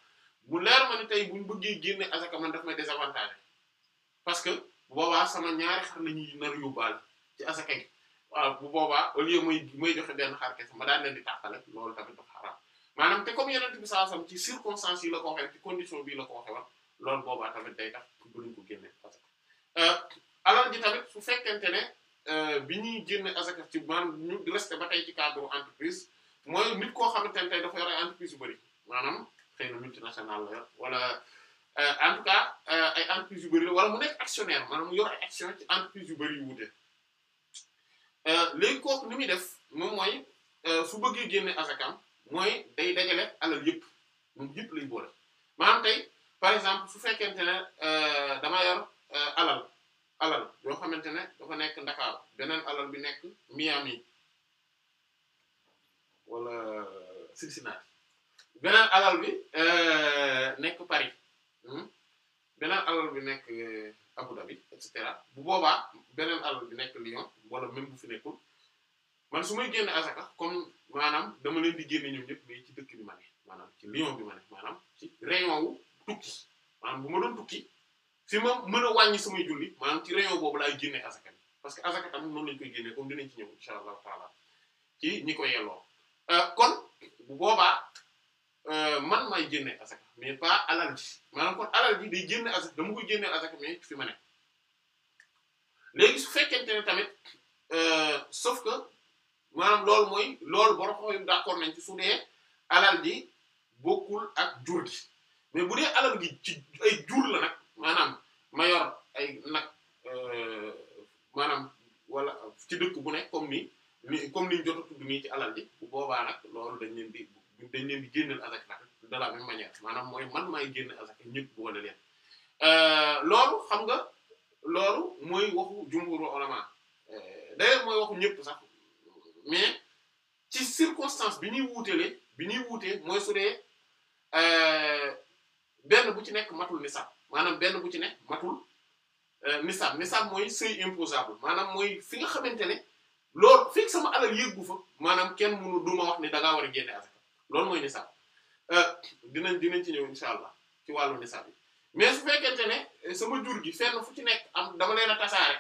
mu leer ma ne tey guñ bëggee a asaka man daf may désavantage parce que bu boobaa sama ñaari xar la ñuy nar yóbbaale ci asaka gi waaw bu boobaa au lieu may may joxe benn xar kese ma daan leen di tàqale loolu tamit dafa maanaam te comme yonent bi saasam ci circonstance yi la ko waxee ci condition bi la ko a lool loolu boobaa tamit day tax buñ ko génne asaka euh, alal ji tamit fekkente ne euh, bi ñuy génne asaka ci man ñu resté ba tey ci cadre entreprise mooy nit koo xamante ne tey dafa yore entreprise yu bari maanaam xëy na multinationale la yor wala euh, en ay entreprise yu bëri la wala mu nekk actionnaire maanaam mu yor ay action ci entreprise yu bëri yu wuute léegi kooku li muy def moom mooy su bëggee génne asakam mooy day dajale alal yëpp moom yëpp lay boole maanaam tey par exemple su fekkente ne euh, dama yor euh, alal alal yoo xamante ne dafa nekk Ndakaaru beneen alal bi nekk Miami wala euh, Cincinnati beneen alal bi nekk Paris hmm? beneen alal bi nekk Abu Dhabi et cetera bu boobaa beneen alal bi nekk Lyon wala même bu nekkul. man su may génne asaka comme maanaam dama leen di génne ñoom ñëpp mais ci dëkk bi ma ne maanaam ci rayon bi ma ne maanaam ci rayon ma doon tukki fi ma mën wàññi samay julli maanaam ci rayon boobu laay génne asaka parce que asaka tam noonu lañ koy génne comme dinañ ci ñëw insha ci ñi ko yelloo euh, kon bu boobaa euh, man may génne asaka mais pas alal ji maanaam kon alal bi day génne asaka dama koy génne asaka mais fi ma ne léegi su fekkente ne tamit euh, sauf que maanaam loolu mooy lool borom xam-xam d'accord nañ ci su dee alal bokkul ak jur gi mais bu dee alal gi ci ay jur la nag maanaam mayor ay nag euh, maanaam wala ci dëkk bu nekk comme ni ni comme niñ jot a tudd nii ci alal ji bu boobaa nag loolu dañ leen dañ leen di génneel azaka de la même manière maanaam mooy man maay génne azaka ñëpp boole leen euh, loolu xam nga loolu mooy waxu jumhur ulama euh, d'ailleurs mooy waxu ñëpp sax. mais ci circonstance bi ñuy wuutele bi ñuy wuutee mooy su dee euh, benn bu ci nekk matul nisaab maanaam benn bu ci nekk matul euh, nisaab nisaab mooy seuil imposable maanaam mooy fi nga xamante ne loolu sama alal yëggu fa maanaam kenn mënu duma wax ni da ngaa war a génne loolu mooy nisaab euh, dinañ dinañ ci ñëw incha allah ci wàllu nisaab yi mais su fekkente ne sama jur gi fenn fu ci nekk am dama leen a tasaare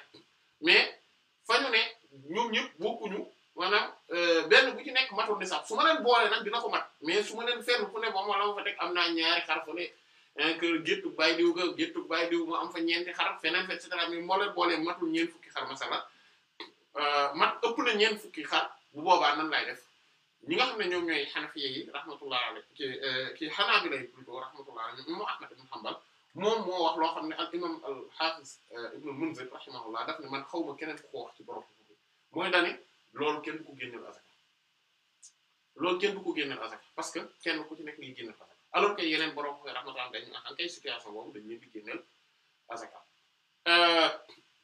mais fañu ne ñoom ñëpp bokkuñu. maanaam euh, benn bu ci nekk matul nisab su ma leen boole na dina ko mat mais su ma leen fenn ku ne moom la ma fa teg am naa ñaari xaraf ne que géttu bàyyi diw ga géttu bàyyi diw mu am fa ñeenti xaraf feneen fa et cetera mais moo leen boole matul ñeent fukki xar masala euh, mat ëpp na ñeent fukki bu boobaa nan lay def ñi nga xam ne ñoom ñooy xanafiye yi rahmatullah alayhi ki euh, ki xanaa bi lay plutôt rahmatullah alayhi imam ahmad moom moo wax loo xam ne al imam mu hafiz ibn munzir rahimahullah daf ne man xaw ma keneen ku ko wax ci borom mooy dane loolu kenn du ko génneel asaka loolu kenn ko génneel asaka parce que kenn ku ci nekk ngay génneel asaka alors yeneen borom nga rahmatullah dañu en kay situation boobu dañu leen di génneel asaka euh,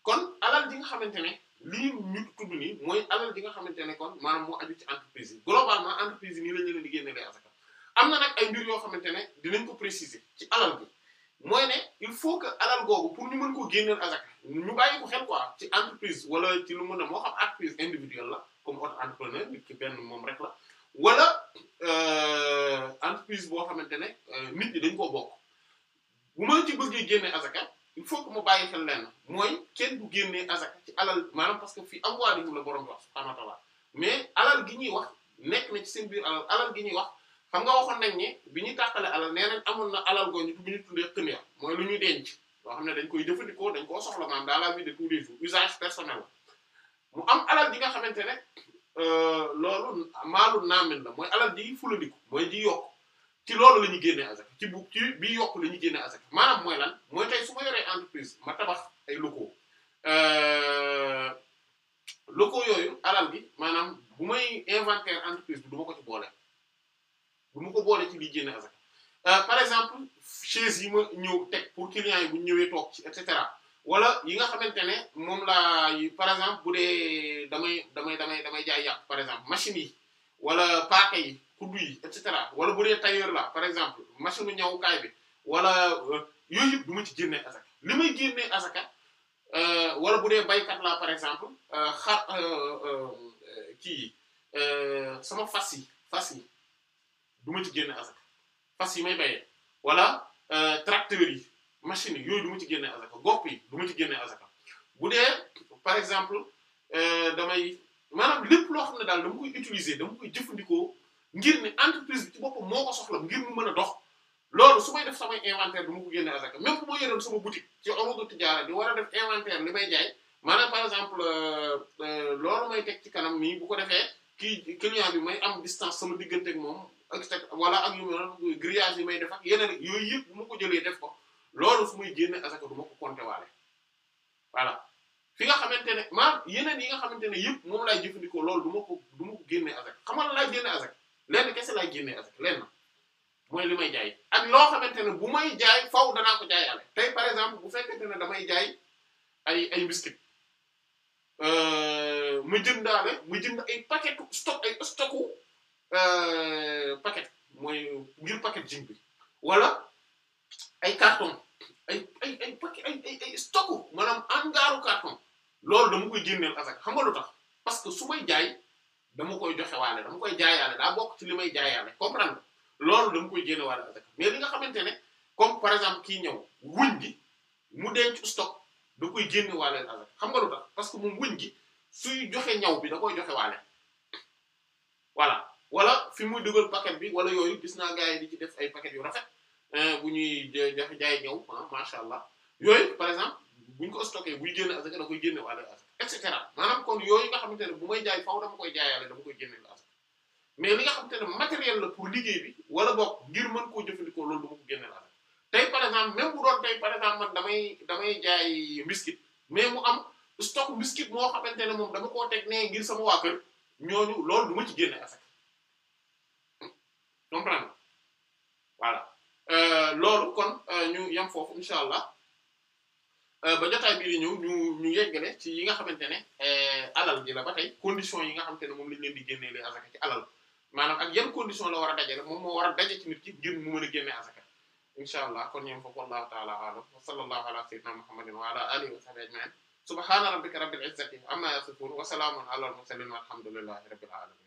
kon alal ji nga xamante ne lii ñu tudd nii mooy alal ji nga xamante ne kon maanaam moo aju ci entreprise yi globalement entreprise yi nii la ñu leen di génneelee asaka am na nag ay mbir yoo xamante ne dinañ ko préciser ci alal bi mooy ne il faut que alal googu pour ñu mën koo génneel asaka. ñu bàyyi ko xel quoi ci entreprise wala ci lu mën a moo xam entreprise individuelle la comme auto entrepreneur nit ki moom rek la wala euh, entreprise boo xamante ne euh, nit ñi dañ koo bokk bu ma ci bëggee génne azaka il faut que ma bàyyi xel leen mooy kenn du génnee azaka ci alal maanaam parce que fii amwaalihim la borom bi wax subhaanahu wa ta'aala mais alal gi ñuy wax nekk na ci seen biir alal alal gi ñuy wax xam nga waxoon nañ ñi bi ñu tàqale alal nee nañ amoon na alal googu ñu tuddee xëy mooy lu ñuy denc. loo xam ne dañ koy jëfandikoo dañ koo soxla maanaam dans la vie de tous les usage personnel mu am alal ji nga xamante ne euh, loolu maalu naamen la mooy alal ji fulandiku mooy ji yokk ci loolu la ñu génnee asaka ci bu ci bi yokk la ñu génnee asaka maanaam mooy lan mooy tey su ma yoree entreprise ma tabax ay locaux euh, locaux yooyu alal gi maanaam bu may inventaire entreprise bi du ma ko boole du ma ko boole ci liy génne Euh, par exemple chaise yi ma ñëw teg pour clients yi bu ñu ñëwee toog ci et cetera wala yi nga xamante ne moom laa par exemple bu dee damay damay damay damay jaay yàpp par exemple machine yi wala paaka yi kuddu yi et cetera wala bu dee tailleur la par exemple machine ñawukaay bi wala euh, yooyu yëpp du ma ci génnee asaka li may génnee asaka euh, wala bu dee baykat la par exemple xar kii yi sama fas yi fas yi du ma ci génne fas yi may bayee wala euh, tracteurs yi machines yi yooyu du ma ci génne azaka gopp yi du ma ci génne azaka bu dee par exemple euh, damay maanaam lépp loo xam ne daal dama koy utiliser dama jëfandikoo ngir ne entreprise bi ci boppam moo mën a dox loolu su may def samay inventaire du ma ko génne azaka même bu ma yoroon sama boutique ci Amadou Tidiane di war a def inventaire li may jaay maanaam par exemple euh, loolu may teg ci kanam mii bu ko defee kii client bi may am distance sama diggante ak moom ak teg wala ak yu mel grillage yi may def ak yeneen yooyu yëpp bu ma ko jëlee def ko loolu fu muy génne asaka du ma ko compter waale voilà fi nga xamante ne maanaam yeneen yi nga xamante ne yëpp moom laay jëfandikoo loolu du ma ko du ma ko génnee asaka xamal laay génne asaka lenn kese laay génnee asaka lenn mooy li may jaay ak loo xamante ne bu may jaay faaw danaa ko jaayale tey par exemple bu fekkente ne damay jaay ay ay biscuit euh, ma jëndaale ma jënd ay paquetu stock ay stocku Euh, paquet mooy ngir paquet jing bi wala ay carton ay ay ay paquet ay ay ay stocku maanaam carton loolu dama koy génneel asak xam nga lu tax parce que su may jaay dama koy joxe waale dama koy jaayaale daa bokk ci li may jaayaale comprendre loolu dama koy génne waale asak mais li nga xamante ne comme par exemple kii ñëw wuñ gi mu denc stock da koy génne waale asak xam nga lu tax parce que moom wuñ gi suy joxe ñaw bi da koy joxe waale voilà wala fi muy dugal paquet bi wala yooyu gis naa ngaa yi di ci def ay paquet yu rafet euh, bu ñuy jafe jaay ñëw ah macha allah yooyu par exemple buñ ko stocké buy génne asaka da koy génne wala et cetera maanaam kon yooyu nga xamante ne bu may jaay faaw dama koy jaayaale dama koy génne la asaka mais li nga xamante ne matériel la pour liggéey bi wala boog ngir mën koo jëfandikoo loolu du ko génne la asaka tey par exemple même bu doon tey par exemple man damay damay jaay biscuit mais mu am stock biscuit moo xamante ne moom dama koo teg ne ngir sama waa kër ñooñu loolu du ma ci génne asaka comprendre voilà euh, loolu kon euh, ñu yem foofu incha allah euh, ba jotaay bii ñëw ñu ñu yeggale ci yi nga xamante ne alal ji ba tey condition yi nga xamante ne moom lañ leen di génnee leen asaka ci alal maanaam ak condition la war a dajale moom moo war a daje ci nit ki mu mën a génnee asaka incha allah kon ñu yem foofu wallahu ta'ala a'lam wa sallallahu ala sayyidina muhammadin wa ala alihi wa sahbihi ajma'in subhana rabbika rabbil izzati amma yasifun wa salamun ala al mursalin walhamdulillahi rabbil alamin